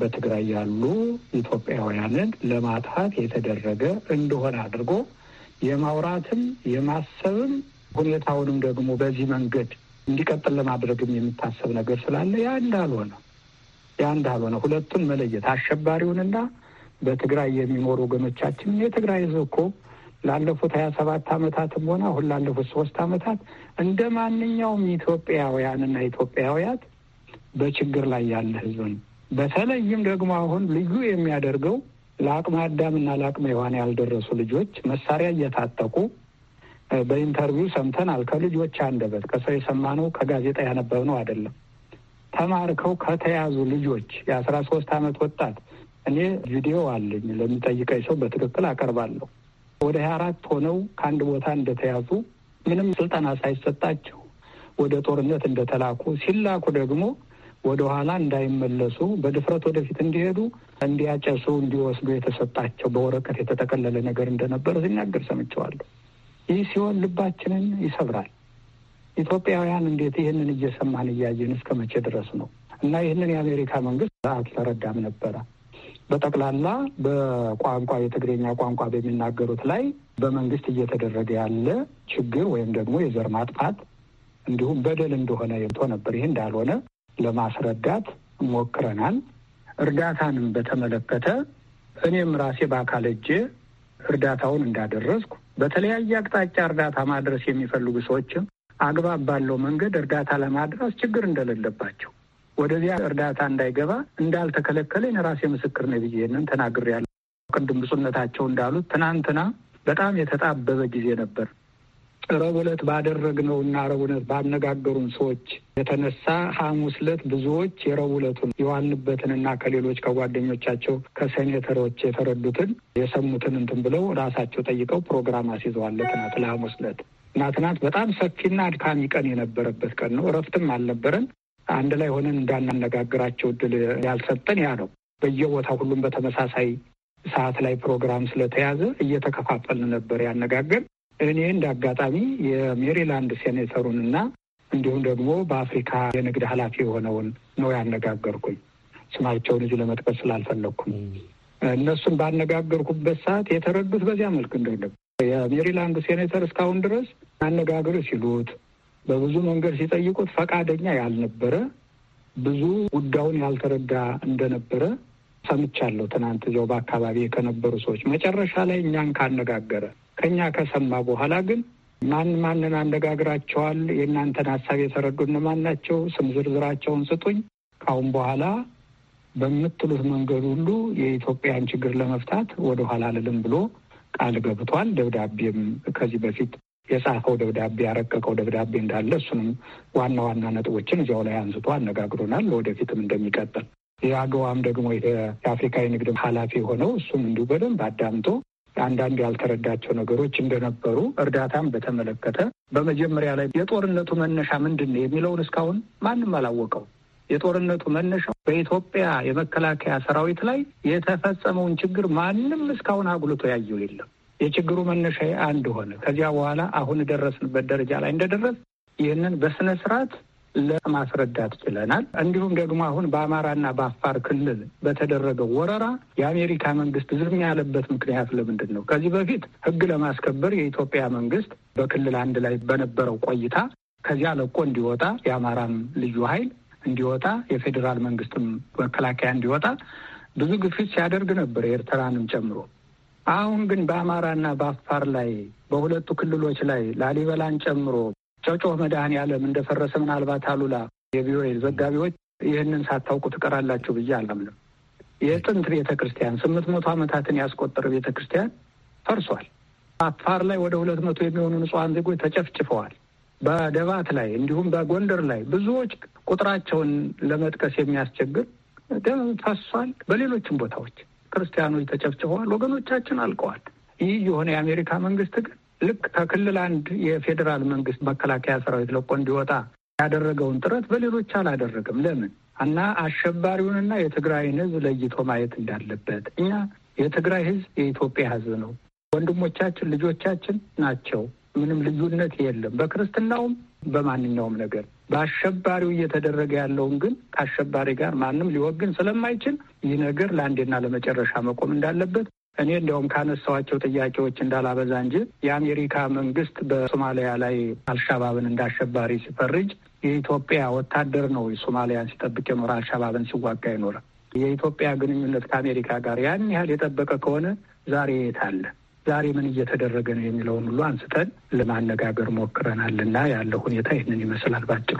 በትግራይ ያሉ ኢትዮጵያውያንን ለማጥፋት የተደረገ እንደሆነ አድርጎ የማውራትም የማሰብም ሁኔታውንም ደግሞ በዚህ መንገድ እንዲቀጥል ለማድረግም የሚታሰብ ነገር ስላለ ያ እንዳልሆነ ያ እንዳልሆነ ሁለቱን መለየት አሸባሪውንና በትግራይ የሚኖሩ ወገኖቻችን የትግራይ ሕዝብ እኮ ላለፉት ሀያ ሰባት አመታትም ሆነ አሁን ላለፉት ሶስት አመታት እንደ ማንኛውም ኢትዮጵያውያንና ኢትዮጵያውያት በችግር ላይ ያለ ህዝብ በተለይም ደግሞ አሁን ልዩ የሚያደርገው ለአቅመ አዳምና ለአቅመ ሔዋን ያልደረሱ ልጆች መሳሪያ እየታጠቁ በኢንተርቪው ሰምተናል። ከልጆች አንደበት ከሰው የሰማነው ከጋዜጣ ያነበብነው አይደለም። ተማርከው ከተያዙ ልጆች የአስራ ሶስት አመት ወጣት እኔ ቪዲዮ አለኝ ለሚጠይቀኝ ሰው በትክክል አቀርባለሁ። ወደ ሀያ አራት ሆነው ከአንድ ቦታ እንደተያዙ ምንም ስልጠና ሳይሰጣቸው ወደ ጦርነት እንደተላኩ ሲላኩ ደግሞ ወደ ኋላ እንዳይመለሱ በድፍረት ወደፊት እንዲሄዱ እንዲያጨሱ እንዲወስዱ የተሰጣቸው በወረቀት የተጠቀለለ ነገር እንደነበረ ሲናገር ሰምቸዋለሁ። ይህ ሲሆን ልባችንን ይሰብራል። ኢትዮጵያውያን እንዴት ይህንን እየሰማን እያየን እስከ መቼ ድረስ ነው? እና ይህንን የአሜሪካ መንግስት አልተረዳም ነበረ። በጠቅላላ በቋንቋ የትግርኛ ቋንቋ በሚናገሩት ላይ በመንግስት እየተደረገ ያለ ችግር ወይም ደግሞ የዘር ማጥፋት እንዲሁም በደል እንደሆነ የቶ ነበር። ይህ እንዳልሆነ ለማስረዳት ሞክረናል። እርዳታንም በተመለከተ እኔም ራሴ በአካል እጄ እርዳታውን እንዳደረስኩ በተለያየ አቅጣጫ እርዳታ ማድረስ የሚፈልጉ ሰዎችም አግባብ ባለው መንገድ እርዳታ ለማድረስ ችግር እንደሌለባቸው ወደዚያ እርዳታ እንዳይገባ እንዳልተከለከለ ራሴ ምስክር ነኝ ብዬ ይህንን ተናግሬያለሁ። ቅድም ብፁዕነታቸው እንዳሉት ትናንትና በጣም የተጣበበ ጊዜ ነበር። ረቡዕ ዕለት ባደረግነው እና ረቡዕ ዕለት ባነጋገሩን ሰዎች የተነሳ ሐሙስ ዕለት ብዙዎች የረቡዕ ዕለቱን የዋልንበትንና ከሌሎች ከጓደኞቻቸው ከሴኔተሮች የተረዱትን የሰሙትን እንትን ብለው ራሳቸው ጠይቀው ፕሮግራም አስይዘዋል ትናንት ለሐሙስ ዕለት እና ትናንት በጣም ሰፊና አድካሚ ቀን የነበረበት ቀን ነው። እረፍትም አልነበረን። አንድ ላይ ሆነን እንዳናነጋግራቸው እድል ያልሰጠን ያ ነው። በየቦታው ሁሉም በተመሳሳይ ሰዓት ላይ ፕሮግራም ስለተያዘ እየተከፋፈልን ነበር ያነጋገር። እኔ እንደ አጋጣሚ የሜሪላንድ ሴኔተሩን እና እንዲሁም ደግሞ በአፍሪካ የንግድ ኃላፊ የሆነውን ነው ያነጋገርኩኝ። ስማቸውን እዚህ ለመጥቀስ ስላልፈለግኩም እነሱን ባነጋገርኩበት ሰዓት የተረዱት በዚያ መልክ እንደሆነ የሜሪላንድ ሴኔተር እስካሁን ድረስ አነጋግር ሲሉት በብዙ መንገድ ሲጠይቁት ፈቃደኛ ያልነበረ ብዙ ጉዳዩን ያልተረዳ እንደነበረ ሰምቻለሁ። ትናንት እዚያው በአካባቢ ከነበሩ ሰዎች መጨረሻ ላይ እኛን ካነጋገረ ከኛ ከሰማ በኋላ ግን ማን ማንን አነጋግራቸዋል፣ የእናንተን ሀሳብ የተረዱ እነማን ናቸው፣ ስም ዝርዝራቸውን ስጡኝ፣ ካሁን በኋላ በምትሉት መንገድ ሁሉ የኢትዮጵያን ችግር ለመፍታት ወደኋላ አልልም ብሎ ቃል ገብቷል። ደብዳቤም ከዚህ በፊት የጻፈው ደብዳቤ ያረቀቀው ደብዳቤ እንዳለ እሱንም ዋና ዋና ነጥቦችን እዚያው ላይ አንስቶ አነጋግሮናል። ወደፊትም እንደሚቀጥል የአገዋም ደግሞ የአፍሪካ የንግድ ኃላፊ የሆነው እሱም እንዲሁ በደንብ አዳምጦ አንዳንድ ያልተረዳቸው ነገሮች እንደነበሩ እርዳታም በተመለከተ በመጀመሪያ ላይ የጦርነቱ መነሻ ምንድን ነው የሚለውን እስካሁን ማንም አላወቀው። የጦርነቱ መነሻው በኢትዮጵያ የመከላከያ ሰራዊት ላይ የተፈጸመውን ችግር ማንም እስካሁን አጉልቶ ያየው የለም። የችግሩ መነሻ አንድ ሆነ። ከዚያ በኋላ አሁን የደረስንበት ደረጃ ላይ እንደደረስ ይህንን በስነ ስርዓት ለማስረዳት ችለናል። እንዲሁም ደግሞ አሁን በአማራና በአፋር ክልል በተደረገው ወረራ የአሜሪካ መንግስት ዝም ያለበት ምክንያት ለምንድን ነው? ከዚህ በፊት ህግ ለማስከበር የኢትዮጵያ መንግስት በክልል አንድ ላይ በነበረው ቆይታ ከዚያ ለቆ እንዲወጣ የአማራም ልዩ ኃይል እንዲወጣ የፌዴራል መንግስትም መከላከያ እንዲወጣ ብዙ ግፊት ሲያደርግ ነበር፣ ኤርትራንም ጨምሮ አሁን ግን በአማራና በአፋር ላይ በሁለቱ ክልሎች ላይ ላሊበላን ጨምሮ ጨጮህ መድኃኔ ያለም እንደፈረሰ ምናልባት አሉላ የቪኦኤ ዘጋቢዎች ይህንን ሳታውቁ ትቀራላችሁ ብዬ አላምንም። የጥንት ቤተ ክርስቲያን ስምንት መቶ ዓመታትን ያስቆጠረ ቤተ ክርስቲያን ፈርሷል። አፋር ላይ ወደ ሁለት መቶ የሚሆኑ ንጹሐን ዜጎች ተጨፍጭፈዋል። በደባት ላይ እንዲሁም በጎንደር ላይ ብዙዎች ቁጥራቸውን ለመጥቀስ የሚያስቸግር ደም ፈሷል። በሌሎችም ቦታዎች ክርስቲያኖች ተጨፍጭፈዋል፣ ወገኖቻችን አልቀዋል። ይህ የሆነ የአሜሪካ መንግስት ግን ልክ ከክልል አንድ የፌዴራል መንግስት መከላከያ ሰራዊት ለቆ እንዲወጣ ያደረገውን ጥረት በሌሎች አላደረግም። ለምን እና አሸባሪውንና የትግራይን ህዝብ ለይቶ ማየት እንዳለበት እኛ የትግራይ ህዝብ የኢትዮጵያ ህዝብ ነው፣ ወንድሞቻችን ልጆቻችን ናቸው። ምንም ልዩነት የለም። በክርስትናውም በማንኛውም ነገር በአሸባሪው እየተደረገ ያለውን ግን ከአሸባሪ ጋር ማንም ሊወግን ስለማይችል ይህ ነገር ለአንዴና ለመጨረሻ መቆም እንዳለበት እኔ እንዲያውም ካነሳዋቸው ጥያቄዎች እንዳላበዛ እንጂ የአሜሪካ መንግስት በሶማሊያ ላይ አልሻባብን እንደ አሸባሪ ሲፈርጅ የኢትዮጵያ ወታደር ነው ሶማሊያን ሲጠብቅ የኖረ አልሻባብን ሲዋጋ ይኖረ የኢትዮጵያ ግንኙነት ከአሜሪካ ጋር ያን ያህል የጠበቀ ከሆነ ዛሬ የት አለ? ዛሬ ምን እየተደረገ ነው የሚለውን ሁሉ አንስተን ለማነጋገር ሞክረናል እና ያለ ሁኔታ ይህንን ይመስላል ባጭሩ።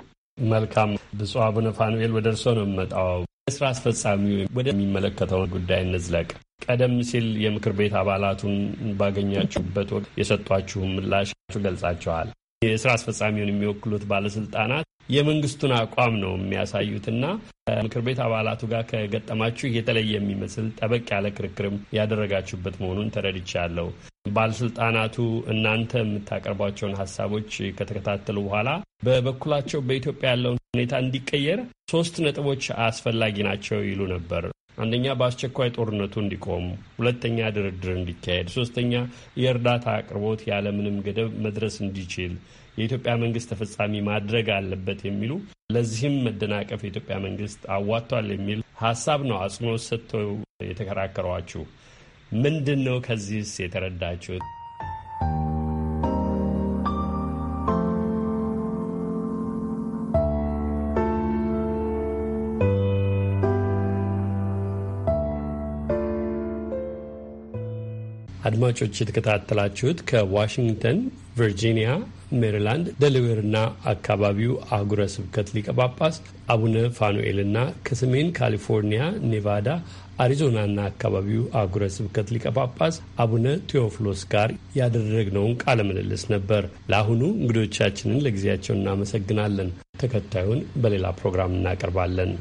መልካም ብፁዕ አቡነ ፋኑኤል ወደ እርስዎ ነው የምመጣው። ስራ አስፈጻሚው ወደሚመለከተውን ጉዳይ እንዝለቅ። ቀደም ሲል የምክር ቤት አባላቱን ባገኛችሁበት ወቅት የሰጧችሁን ምላሽ ገልጻችኋል። የስራ አስፈጻሚውን የሚወክሉት ባለስልጣናት የመንግስቱን አቋም ነው የሚያሳዩትና ከምክር ቤት አባላቱ ጋር ከገጠማችሁ የተለየ የሚመስል ጠበቅ ያለ ክርክርም ያደረጋችሁበት መሆኑን ተረድቻለሁ። ባለስልጣናቱ እናንተ የምታቀርቧቸውን ሀሳቦች ከተከታተሉ በኋላ በበኩላቸው በኢትዮጵያ ያለውን ሁኔታ እንዲቀየር ሶስት ነጥቦች አስፈላጊ ናቸው ይሉ ነበር። አንደኛ በአስቸኳይ ጦርነቱ እንዲቆም፣ ሁለተኛ ድርድር እንዲካሄድ፣ ሶስተኛ የእርዳታ አቅርቦት ያለምንም ገደብ መድረስ እንዲችል የኢትዮጵያ መንግስት ተፈጻሚ ማድረግ አለበት የሚሉ ለዚህም መደናቀፍ የኢትዮጵያ መንግስት አዋጥቷል የሚል ሀሳብ ነው አጽንኦት ሰጥተው የተከራከሯችሁ። ምንድን ነው ከዚህስ የተረዳችሁት? አድማጮች የተከታተላችሁት ከዋሽንግተን ቨርጂኒያ፣ ሜሪላንድ፣ ና አካባቢው አህጉረ ስብከት ሊቀጳጳስ ጳጳስ አቡነ ና ከሰሜን ካሊፎርኒያ፣ ኔቫዳ፣ አሪዞና እና አካባቢው አህጉረ ስብከት ሊቀ ጳጳስ አቡነ ቴዎፍሎስ ጋር ያደረግነውን ቃለ ምልልስ ነበር። ለአሁኑ እንግዶቻችንን ለጊዜያቸው እናመሰግናለን። ተከታዩን በሌላ ፕሮግራም እናቀርባለን።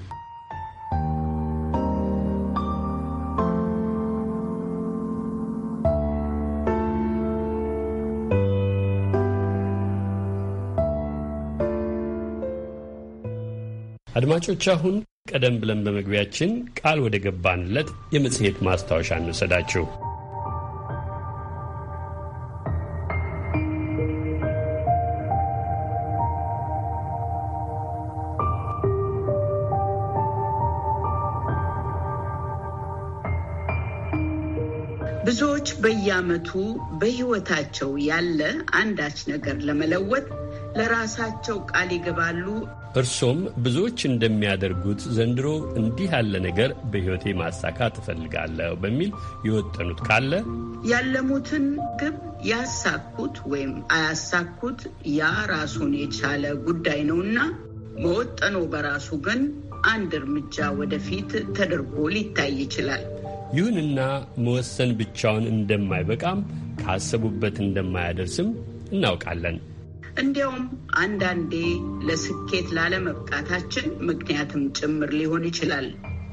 አድማጮች አሁን ቀደም ብለን በመግቢያችን ቃል ወደ ገባንለት የመጽሔት ማስታወሻ እንወሰዳችሁ። ብዙዎች በየዓመቱ በሕይወታቸው ያለ አንዳች ነገር ለመለወጥ ለራሳቸው ቃል ይገባሉ። እርሶም ብዙዎች እንደሚያደርጉት ዘንድሮ እንዲህ ያለ ነገር በሕይወቴ ማሳካት እፈልጋለሁ በሚል የወጠኑት ካለ ያለሙትን ግብ ያሳኩት ወይም አያሳኩት ያ ራሱን የቻለ ጉዳይ ነውና መወጠኖ በራሱ ግን አንድ እርምጃ ወደፊት ተደርጎ ሊታይ ይችላል። ይሁንና መወሰን ብቻውን እንደማይበቃም ካሰቡበት እንደማያደርስም እናውቃለን። እንዲያውም አንዳንዴ ለስኬት ላለመብቃታችን ምክንያትም ጭምር ሊሆን ይችላል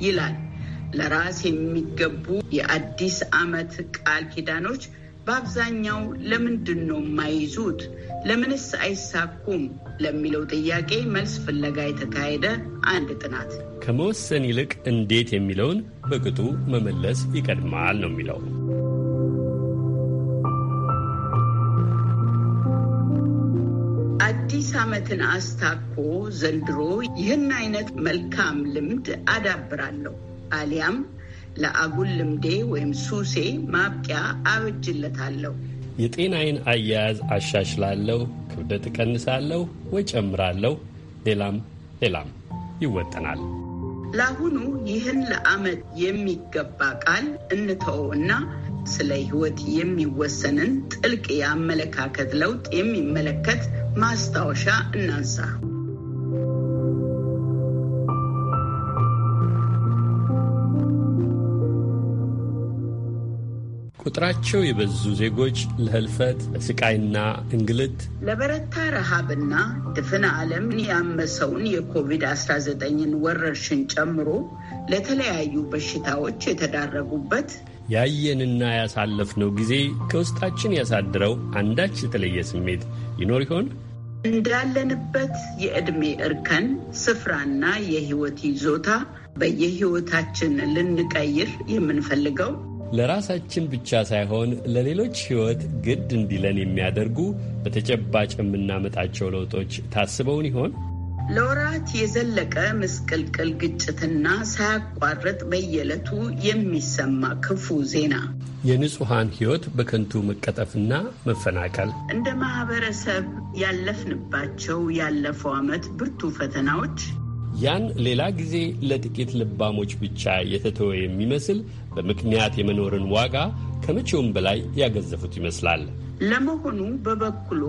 ይላል። ለራስ የሚገቡ የአዲስ ዓመት ቃል ኪዳኖች በአብዛኛው ለምንድን ነው የማይዙት? ለምንስ አይሳኩም? ለሚለው ጥያቄ መልስ ፍለጋ የተካሄደ አንድ ጥናት ከመወሰን ይልቅ እንዴት የሚለውን በቅጡ መመለስ ይቀድማል ነው የሚለው። አዲስ ዓመትን አስታኮ ዘንድሮ ይህን አይነት መልካም ልምድ አዳብራለሁ አሊያም ለአጉል ልምዴ ወይም ሱሴ ማብቂያ አበጅለታለሁ። የጤናዬን አያያዝ አሻሽላለሁ፣ ክብደት እቀንሳለሁ ወይ ጨምራለሁ፣ ሌላም ሌላም ይወጠናል። ለአሁኑ ይህን ለዓመት የሚገባ ቃል እንተውና ስለ ሕይወት የሚወሰንን ጥልቅ የአመለካከት ለውጥ የሚመለከት ማስታወሻ እናንሳ። ቁጥራቸው የበዙ ዜጎች ለህልፈት፣ ስቃይና እንግልት፣ ለበረታ ረሃብና ድፍን አለም ያመሰውን የኮቪድ-19ን ወረርሽን ጨምሮ ለተለያዩ በሽታዎች የተዳረጉበት ያየንና ያሳለፍነው ጊዜ ከውስጣችን ያሳድረው አንዳች የተለየ ስሜት ይኖር ይሆን? እንዳለንበት የዕድሜ እርከን ስፍራና የህይወት ይዞታ በየህይወታችን ልንቀይር የምንፈልገው ለራሳችን ብቻ ሳይሆን ለሌሎች ሕይወት ግድ እንዲለን የሚያደርጉ በተጨባጭ የምናመጣቸው ለውጦች ታስበውን ይሆን? ለወራት የዘለቀ ምስቅልቅል ግጭትና ሳያቋርጥ በየዕለቱ የሚሰማ ክፉ ዜና፣ የንጹሐን ሕይወት በከንቱ መቀጠፍና መፈናቀል እንደ ማህበረሰብ ያለፍንባቸው ያለፈው ዓመት ብርቱ ፈተናዎች ያን ሌላ ጊዜ ለጥቂት ልባሞች ብቻ የተተወ የሚመስል በምክንያት የመኖርን ዋጋ ከመቼውም በላይ ያገዘፉት ይመስላል። ለመሆኑ በበኩሎ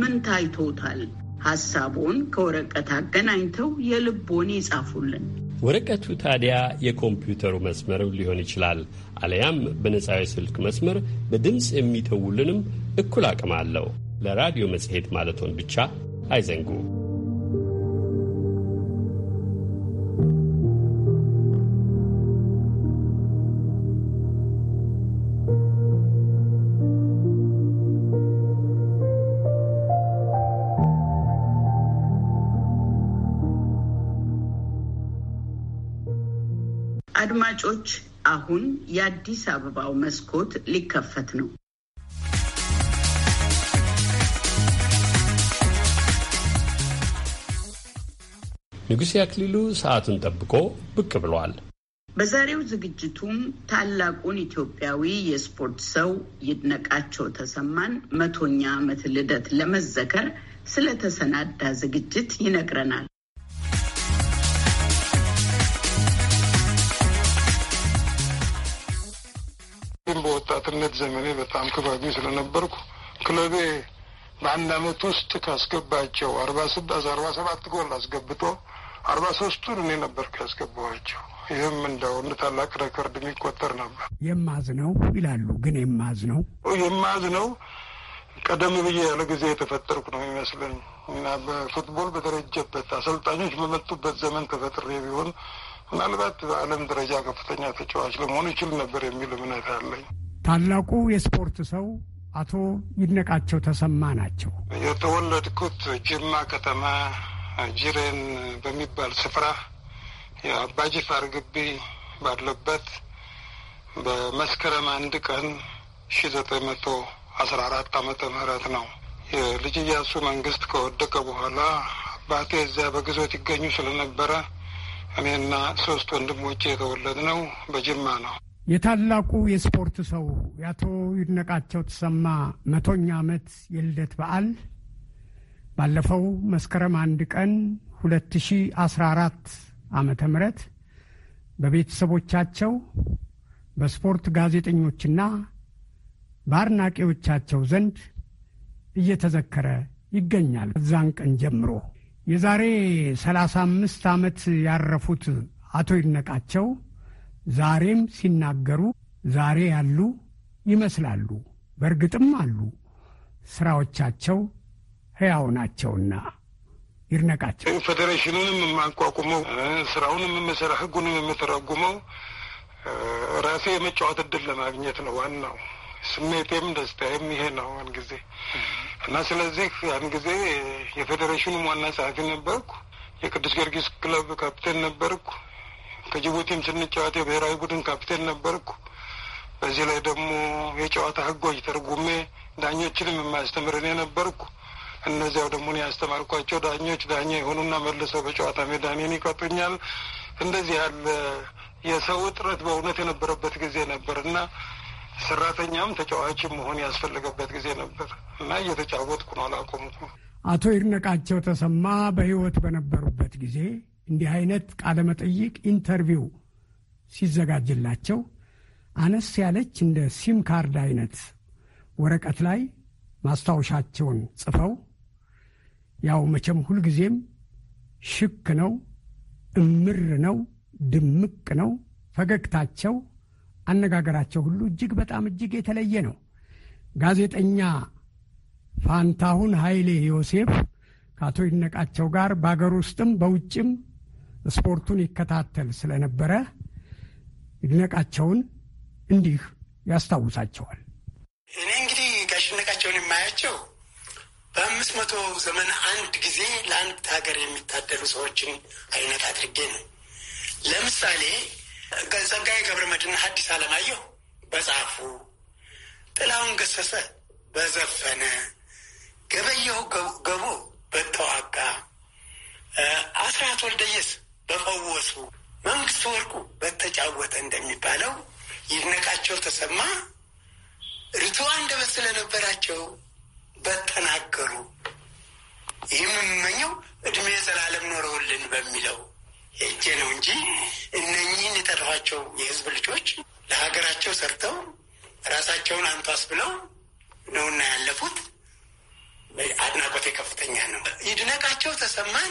ምን ታይቶታል? ሀሳቡን ከወረቀት አገናኝተው የልቦን ይጻፉልን። ወረቀቱ ታዲያ የኮምፒውተሩ መስመር ሊሆን ይችላል። አለያም በነጻዊ ስልክ መስመር በድምፅ የሚተውልንም እኩል አቅም አለው። ለራዲዮ መጽሔት ማለቶን ብቻ አይዘንጉ። አድማጮች፣ አሁን የአዲስ አበባው መስኮት ሊከፈት ነው። ንጉሴ አክሊሉ ሰዓቱን ጠብቆ ብቅ ብሏል። በዛሬው ዝግጅቱም ታላቁን ኢትዮጵያዊ የስፖርት ሰው ይድነቃቸው ተሰማን መቶኛ ዓመት ልደት ለመዘከር ስለተሰናዳ ዝግጅት ይነግረናል። ግን በወጣትነት ዘመኔ በጣም ክባቢ ስለነበርኩ ክለቤ በአንድ አመት ውስጥ ካስገባቸው አርባ ስድስት አርባ ሰባት ጎል አስገብቶ አርባ ሶስቱን እኔ ነበር ካስገባኋቸው። ይህም እንደው እንደ ታላቅ ሬከርድ የሚቆጠር ነበር። የማዝነው ይላሉ ግን የማዝነው የማዝነው ቀደም ብዬ ያለ ጊዜ የተፈጠርኩ ነው የሚመስለኝ እና በፉትቦል በደረጀበት አሰልጣኞች በመጡበት ዘመን ተፈጥሬ ቢሆን ምናልባት በዓለም ደረጃ ከፍተኛ ተጫዋች ለመሆኑ ይችል ነበር የሚል እምነት አለኝ። ታላቁ የስፖርት ሰው አቶ ይድነቃቸው ተሰማ ናቸው። የተወለድኩት ጅማ ከተማ ጅሬን በሚባል ስፍራ የአባጅፋር ግቢ ባለበት በመስከረም አንድ ቀን ሺ ዘጠኝ መቶ አስራ አራት አመተ ምህረት ነው። የልጅ እያሱ መንግስት ከወደቀ በኋላ አባቴ እዚያ በግዞት ይገኙ ስለነበረ እኔና ሶስት ወንድሞቼ ነው በጅማ ነው። የታላቁ የስፖርት ሰው የአቶ ይድነቃቸው ተሰማ መቶኛ ዓመት የልደት በዓል ባለፈው መስከረም አንድ ቀን 2014 ዓመተ ምህረት በቤተሰቦቻቸው በስፖርት ጋዜጠኞችና በአድናቂዎቻቸው ዘንድ እየተዘከረ ይገኛል። እዛን ቀን ጀምሮ የዛሬ 35 ዓመት ያረፉት አቶ ይድነቃቸው ዛሬም ሲናገሩ ዛሬ ያሉ ይመስላሉ። በእርግጥም አሉ። ስራዎቻቸው ሕያው ናቸውና ይድነቃቸው ፌዴሬሽኑንም የማቋቁመው ስራውንም የምሰራ ህጉንም የምተረጉመው ራሴ የመጫወት እድል ለማግኘት ነው ዋናው ስሜቴም ደስታዬም ይሄ ነው አን ጊዜ እና ስለዚህ አን ጊዜ የፌዴሬሽኑም ዋና ጸሐፊ ነበርኩ። የቅዱስ ጊዮርጊስ ክለብ ካፕቴን ነበርኩ። ከጅቡቲም ስንጫወት የብሔራዊ ቡድን ካፕቴን ነበርኩ። በዚህ ላይ ደግሞ የጨዋታ ህጎች ተርጉሜ ዳኞችንም የማያስተምር እኔ ነበርኩ። እነዚያው ደግሞ ያስተማርኳቸው ዳኞች ዳኛ የሆኑና መልሰው በጨዋታ ሜዳ እኔን ይቀጡኛል። እንደዚህ ያለ የሰው እጥረት በእውነት የነበረበት ጊዜ ነበር እና ሰራተኛም ተጫዋችም መሆን ያስፈለገበት ጊዜ ነበር እና እየተጫወትኩ ነው፣ አላቆምኩም። አቶ ይድነቃቸው ተሰማ በህይወት በነበሩበት ጊዜ እንዲህ አይነት ቃለመጠይቅ ኢንተርቪው ሲዘጋጅላቸው አነስ ያለች እንደ ሲም ካርድ አይነት ወረቀት ላይ ማስታወሻቸውን ጽፈው ያው መቼም ሁልጊዜም ሽክ ነው፣ እምር ነው፣ ድምቅ ነው ፈገግታቸው አነጋገራቸው ሁሉ እጅግ በጣም እጅግ የተለየ ነው። ጋዜጠኛ ፋንታሁን ኃይሌ ዮሴፍ ከአቶ ይድነቃቸው ጋር በአገር ውስጥም በውጭም ስፖርቱን ይከታተል ስለነበረ ይነቃቸውን እንዲህ ያስታውሳቸዋል። እኔ እንግዲህ ጋሽ ይድነቃቸውን የማያቸው በአምስት መቶ ዘመን አንድ ጊዜ ለአንድ ሀገር የሚታደሉ ሰዎችን አይነት አድርጌ ነው። ለምሳሌ ጸጋዬ ገብረ መድን፣ ሐዲስ ዓለማየሁ በጻፉ፣ ጥላሁን ገሰሰ በዘፈነ፣ ገበየሁ ገቦ በተዋጋ፣ አስራት ወልደየስ በፈወሱ፣ መንግስቱ ወርቁ በተጫወተ እንደሚባለው ይድነቃቸው ተሰማ ርትዋ አንደበት ስለነበራቸው በተናገሩ ይህም የምመኘው እድሜ ዘላለም ኖረውልን በሚለው እጄ ነው እንጂ እነኚህን የጠረፋቸው የህዝብ ልጆች ለሀገራቸው ሰርተው ራሳቸውን አንቷስ ብለው ነውና ያለፉት። አድናቆቴ ከፍተኛ ነው። ይድነቃቸው ተሰማን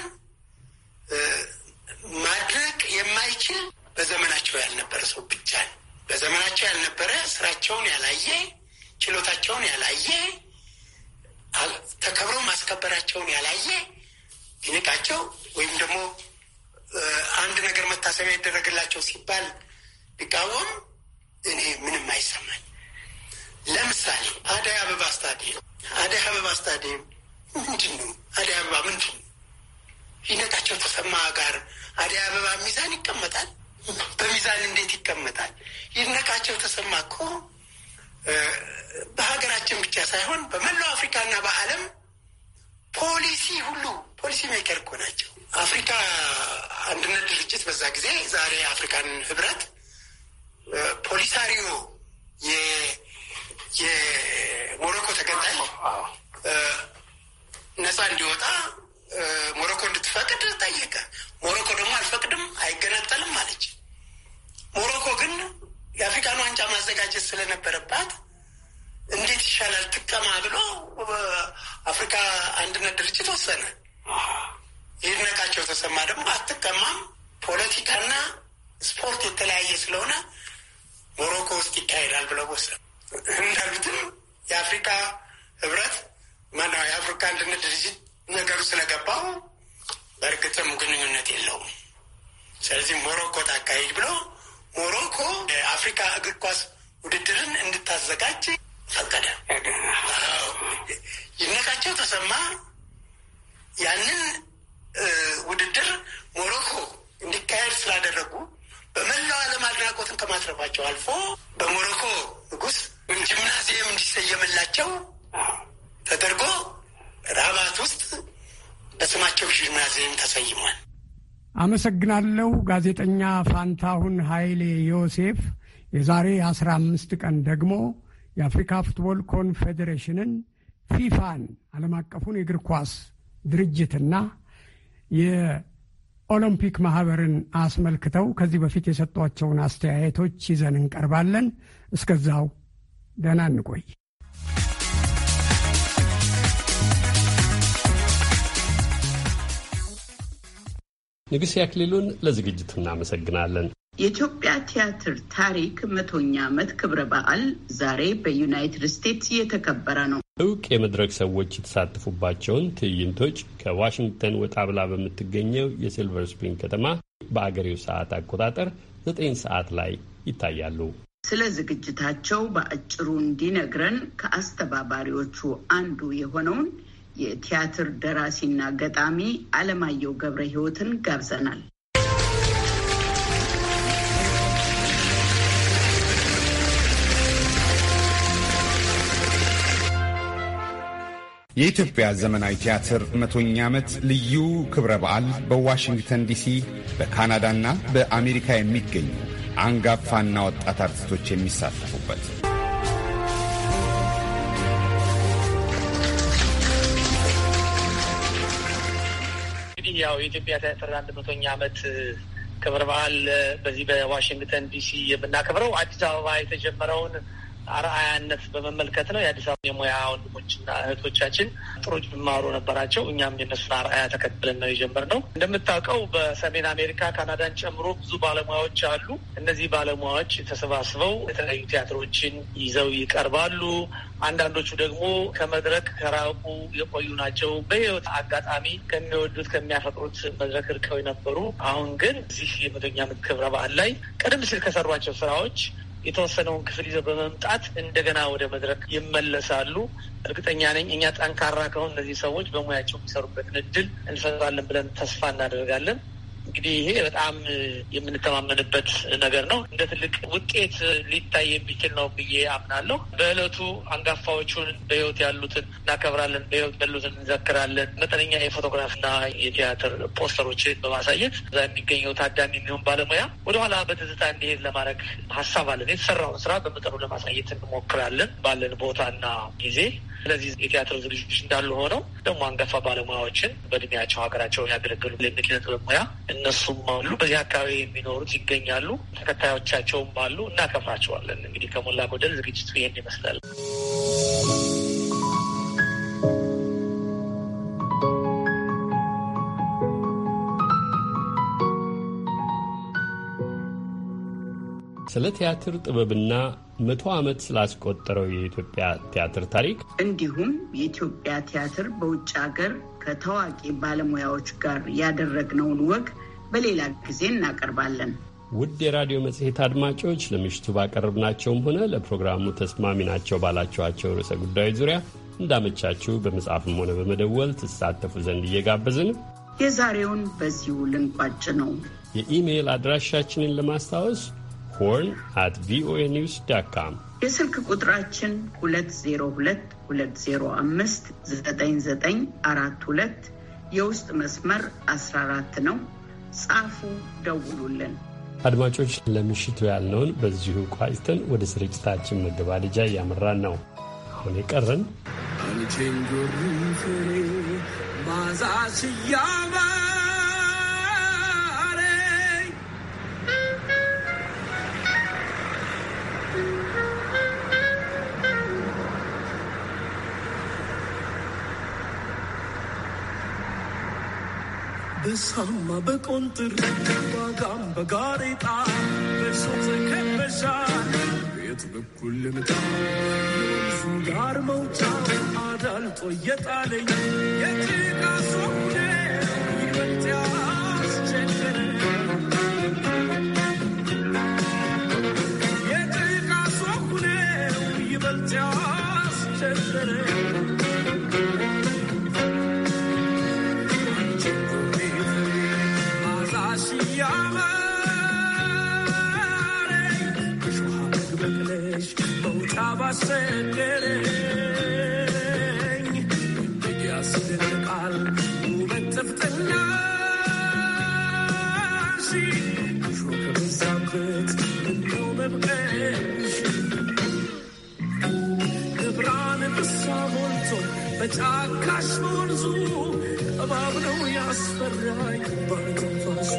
ማድረግ የማይችል በዘመናቸው ያልነበረ ሰው ብቻ ነው። በዘመናቸው ያልነበረ ስራቸውን ያላየ ችሎታቸውን ያላየ ተከብሮ ማስከበራቸውን ያላየ ይንቃቸው ወይም ደግሞ አንድ ነገር መታሰቢያ ይደረግላቸው ሲባል ቢቃወም እኔ ምንም አይሰማኝ። ለምሳሌ አደይ አበባ ስታዲየም፣ አደይ አበባ ስታዲየም ምንድን ነው? አደይ አበባ ምንድን ነው? ይነታቸው ተሰማ ጋር አደይ አበባ ሚዛን ይቀመጣል። በሚዛን እንዴት ይቀመጣል? ይድነቃቸው ተሰማ እኮ በሀገራችን ብቻ ሳይሆን በመላው አፍሪካና በዓለም ፖሊሲ ሁሉ ፖሊሲ ሜከር እኮ ናቸው። አፍሪካ አንድነት ድርጅት በዛ ጊዜ ዛሬ አፍሪካን ህብረት ፖሊሳሪዮ የሞሮኮ ተገንጣይ ነፃ እንዲወጣ ሞሮኮ እንድትፈቅድ ጠየቀ። ሞሮኮ ደግሞ አልፈቅድም፣ አይገነጠልም አለች። ሞሮኮ ግን የአፍሪካን ዋንጫ ማዘጋጀት ስለነበረባት እንዴት ይሻላል ጥቀማ ብሎ አፍሪካ አንድነት ድርጅት ወሰነ። ይድነቃቸው ተሰማ ደግሞ አትቀማም፣ ፖለቲካና ስፖርት የተለያየ ስለሆነ ሞሮኮ ውስጥ ይካሄዳል ብለው ወሰኑ። እንዳሉትም የአፍሪካ ህብረት ማነው የአፍሪካ አንድነት ድርጅት ነገሩ ስለገባው በእርግጥም ግንኙነት የለውም። ስለዚህ ሞሮኮ ታካሂድ ብሎ ሞሮኮ የአፍሪካ እግር ኳስ ውድድርን እንድታዘጋጅ ፈቀደ። ይድነቃቸው ተሰማ ያንን ውድድር ሞሮኮ እንዲካሄድ ስላደረጉ በመላው ዓለም አድናቆትን ከማትረፋቸው አልፎ በሞሮኮ ንጉስ ጂምናዚየም እንዲሰየምላቸው ተደርጎ ራባት ውስጥ በስማቸው ጂምናዚየም ተሰይሟል። አመሰግናለሁ። ጋዜጠኛ ፋንታሁን ኃይሌ ዮሴፍ የዛሬ አስራ አምስት ቀን ደግሞ የአፍሪካ ፉትቦል ኮንፌዴሬሽንን፣ ፊፋን፣ ዓለም አቀፉን የእግር ኳስ ድርጅትና የኦሎምፒክ ማህበርን አስመልክተው ከዚህ በፊት የሰጧቸውን አስተያየቶች ይዘን እንቀርባለን። እስከዛው ደህና እንቆይ። ንጉሥ ያክሊሉን ለዝግጅቱ እናመሰግናለን። የኢትዮጵያ ቲያትር ታሪክ መቶኛ ዓመት ክብረ በዓል ዛሬ በዩናይትድ ስቴትስ እየተከበረ ነው። እውቅ የመድረክ ሰዎች የተሳተፉባቸውን ትዕይንቶች ከዋሽንግተን ወጣ ብላ በምትገኘው የሲልቨር ስፕሪንግ ከተማ በአገሬው ሰዓት አቆጣጠር ዘጠኝ ሰዓት ላይ ይታያሉ። ስለ ዝግጅታቸው በአጭሩ እንዲነግረን ከአስተባባሪዎቹ አንዱ የሆነውን የቲያትር ደራሲና ገጣሚ አለማየሁ ገብረ ሕይወትን ጋብዘናል። የኢትዮጵያ ዘመናዊ ቲያትር መቶኛ ዓመት ልዩ ክብረ በዓል በዋሽንግተን ዲሲ በካናዳና በአሜሪካ የሚገኙ አንጋፋና ወጣት አርቲስቶች የሚሳተፉበት እንግዲህ ያው የኢትዮጵያ ቲያትር አንድ መቶኛ ዓመት ክብረ በዓል በዚህ በዋሽንግተን ዲሲ የምናከብረው አዲስ አበባ የተጀመረውን አርአያነት በመመልከት ነው። የአዲስ አበባ የሙያ ወንድሞችና እህቶቻችን ጥሩ ጅማሮ ነበራቸው። እኛም የነሱን አርአያ ተከትለን ነው የጀመርነው። እንደምታውቀው በሰሜን አሜሪካ ካናዳን ጨምሮ ብዙ ባለሙያዎች አሉ። እነዚህ ባለሙያዎች ተሰባስበው የተለያዩ ቲያትሮችን ይዘው ይቀርባሉ። አንዳንዶቹ ደግሞ ከመድረክ ከራቁ የቆዩ ናቸው። በህይወት አጋጣሚ ከሚወዱት ከሚያፈቅሩት መድረክ እርቀው የነበሩ አሁን ግን እዚህ የመቶኛ ዓመት ክብረ በዓል ላይ ቀደም ሲል ከሰሯቸው ስራዎች የተወሰነውን ክፍል ይዘው በመምጣት እንደገና ወደ መድረክ ይመለሳሉ። እርግጠኛ ነኝ እኛ ጠንካራ ከሆን እነዚህ ሰዎች በሙያቸው የሚሰሩበትን እድል እንፈጥራለን ብለን ተስፋ እናደርጋለን። እንግዲህ ይሄ በጣም የምንተማመንበት ነገር ነው። እንደ ትልቅ ውጤት ሊታይ የሚችል ነው ብዬ አምናለሁ። በእለቱ አንጋፋዎቹን በህይወት ያሉትን እናከብራለን፣ በህይወት ያሉትን እንዘክራለን። መጠነኛ የፎቶግራፍና የቲያትር ፖስተሮችን በማሳየት እዛ የሚገኘው ታዳሚ የሚሆን ባለሙያ ወደኋላ በትዝታ እንዲሄድ ለማድረግ ሀሳብ አለን። የተሰራውን ስራ በመጠኑ ለማሳየት እንሞክራለን ባለን ቦታና ጊዜ ስለዚህ የቲያትር ዝግጅቶች እንዳሉ ሆነው ደግሞ አንጋፋ ባለሙያዎችን በእድሜያቸው ሀገራቸው ያገለገሉ የኪነ ጥበብ ሙያ እነሱም አሉ፣ በዚህ አካባቢ የሚኖሩት ይገኛሉ፣ ተከታዮቻቸውም አሉ። እናከፍራቸዋለን። እንግዲህ ከሞላ ጎደል ዝግጅቱ ይህን ይመስላል። ስለ ቲያትር ጥበብና መቶ ዓመት ስላስቆጠረው የኢትዮጵያ ቲያትር ታሪክ እንዲሁም የኢትዮጵያ ቲያትር በውጭ ሀገር ከታዋቂ ባለሙያዎች ጋር ያደረግነውን ወግ በሌላ ጊዜ እናቀርባለን። ውድ የራዲዮ መጽሔት አድማጮች ለምሽቱ ባቀረብናቸውም ሆነ ለፕሮግራሙ ተስማሚ ናቸው ባላችኋቸው ርዕሰ ጉዳዮች ዙሪያ እንዳመቻችሁ በመጽሐፍም ሆነ በመደወል ትሳተፉ ዘንድ እየጋበዝን የዛሬውን በዚሁ ልንቋጭ ነው። የኢሜይል አድራሻችንን ለማስታወስ ሆርን አት ቪኦኤ ኒውስ ዳት ካም። የስልክ ቁጥራችን 2022059942 የውስጥ መስመር 14 ነው። ጻፉ፣ ደውሉልን። አድማጮች፣ ለምሽቱ ያልነውን በዚሁ ቋጭተን ወደ ስርጭታችን መገባደጃ እያመራን ነው። አሁን የቀረን አንቼንጆሪ ፍሬ ስያባ በሳማ በቆንጥር ዋጋም በጋሬጣ በሾ ተከበሻ ቤት በኩል ልምጣ ዙ ጋር መውጫ አዳልጦ እየጣለኝ የጭቃ ሶ ይበልጥያ ያሰደረኝ እጅግ ያስደንቃል ውበት ጥፍጥና ከበዛበት እንደው መብቀሽ ክብራን ብሳ በጫካሽ በወንዙ እባብ ነው ያስፈራኝ ባንፋሽ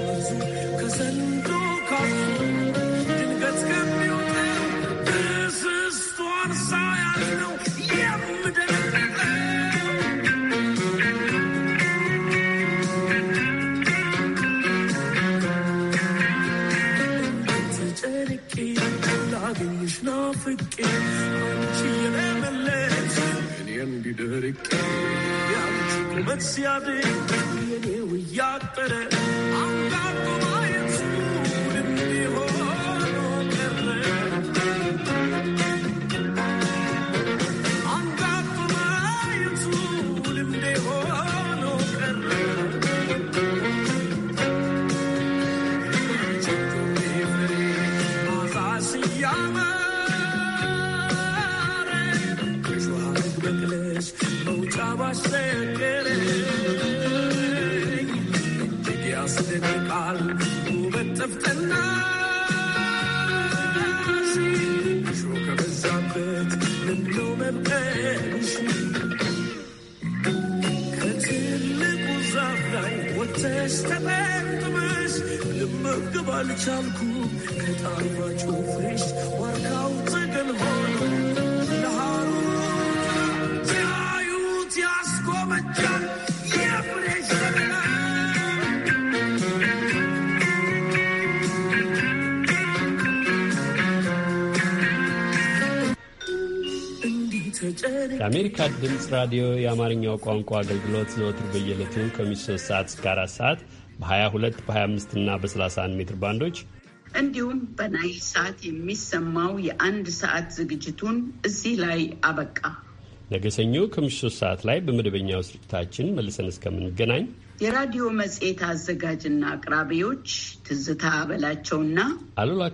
ህይወት ሲያድግ የኔው እያጠረ የአሜሪካ ድምፅ ራዲዮ የአማርኛው ቋንቋ አገልግሎት ዘወትር በየለቱ ከምሽቱ 3 ሰዓት እስከ 4 ሰዓት በ22 በ25 እና በ31 ሜትር ባንዶች እንዲሁም በናይል ሰዓት የሚሰማው የአንድ ሰዓት ዝግጅቱን እዚህ ላይ አበቃ። ነገ ሰኞ ከምሽቱ 3 ሰዓት ላይ በመደበኛው ስርጭታችን መልሰን እስከምንገናኝ የራዲዮ መጽሔት አዘጋጅና አቅራቢዎች ትዝታ በላቸውና አሉላ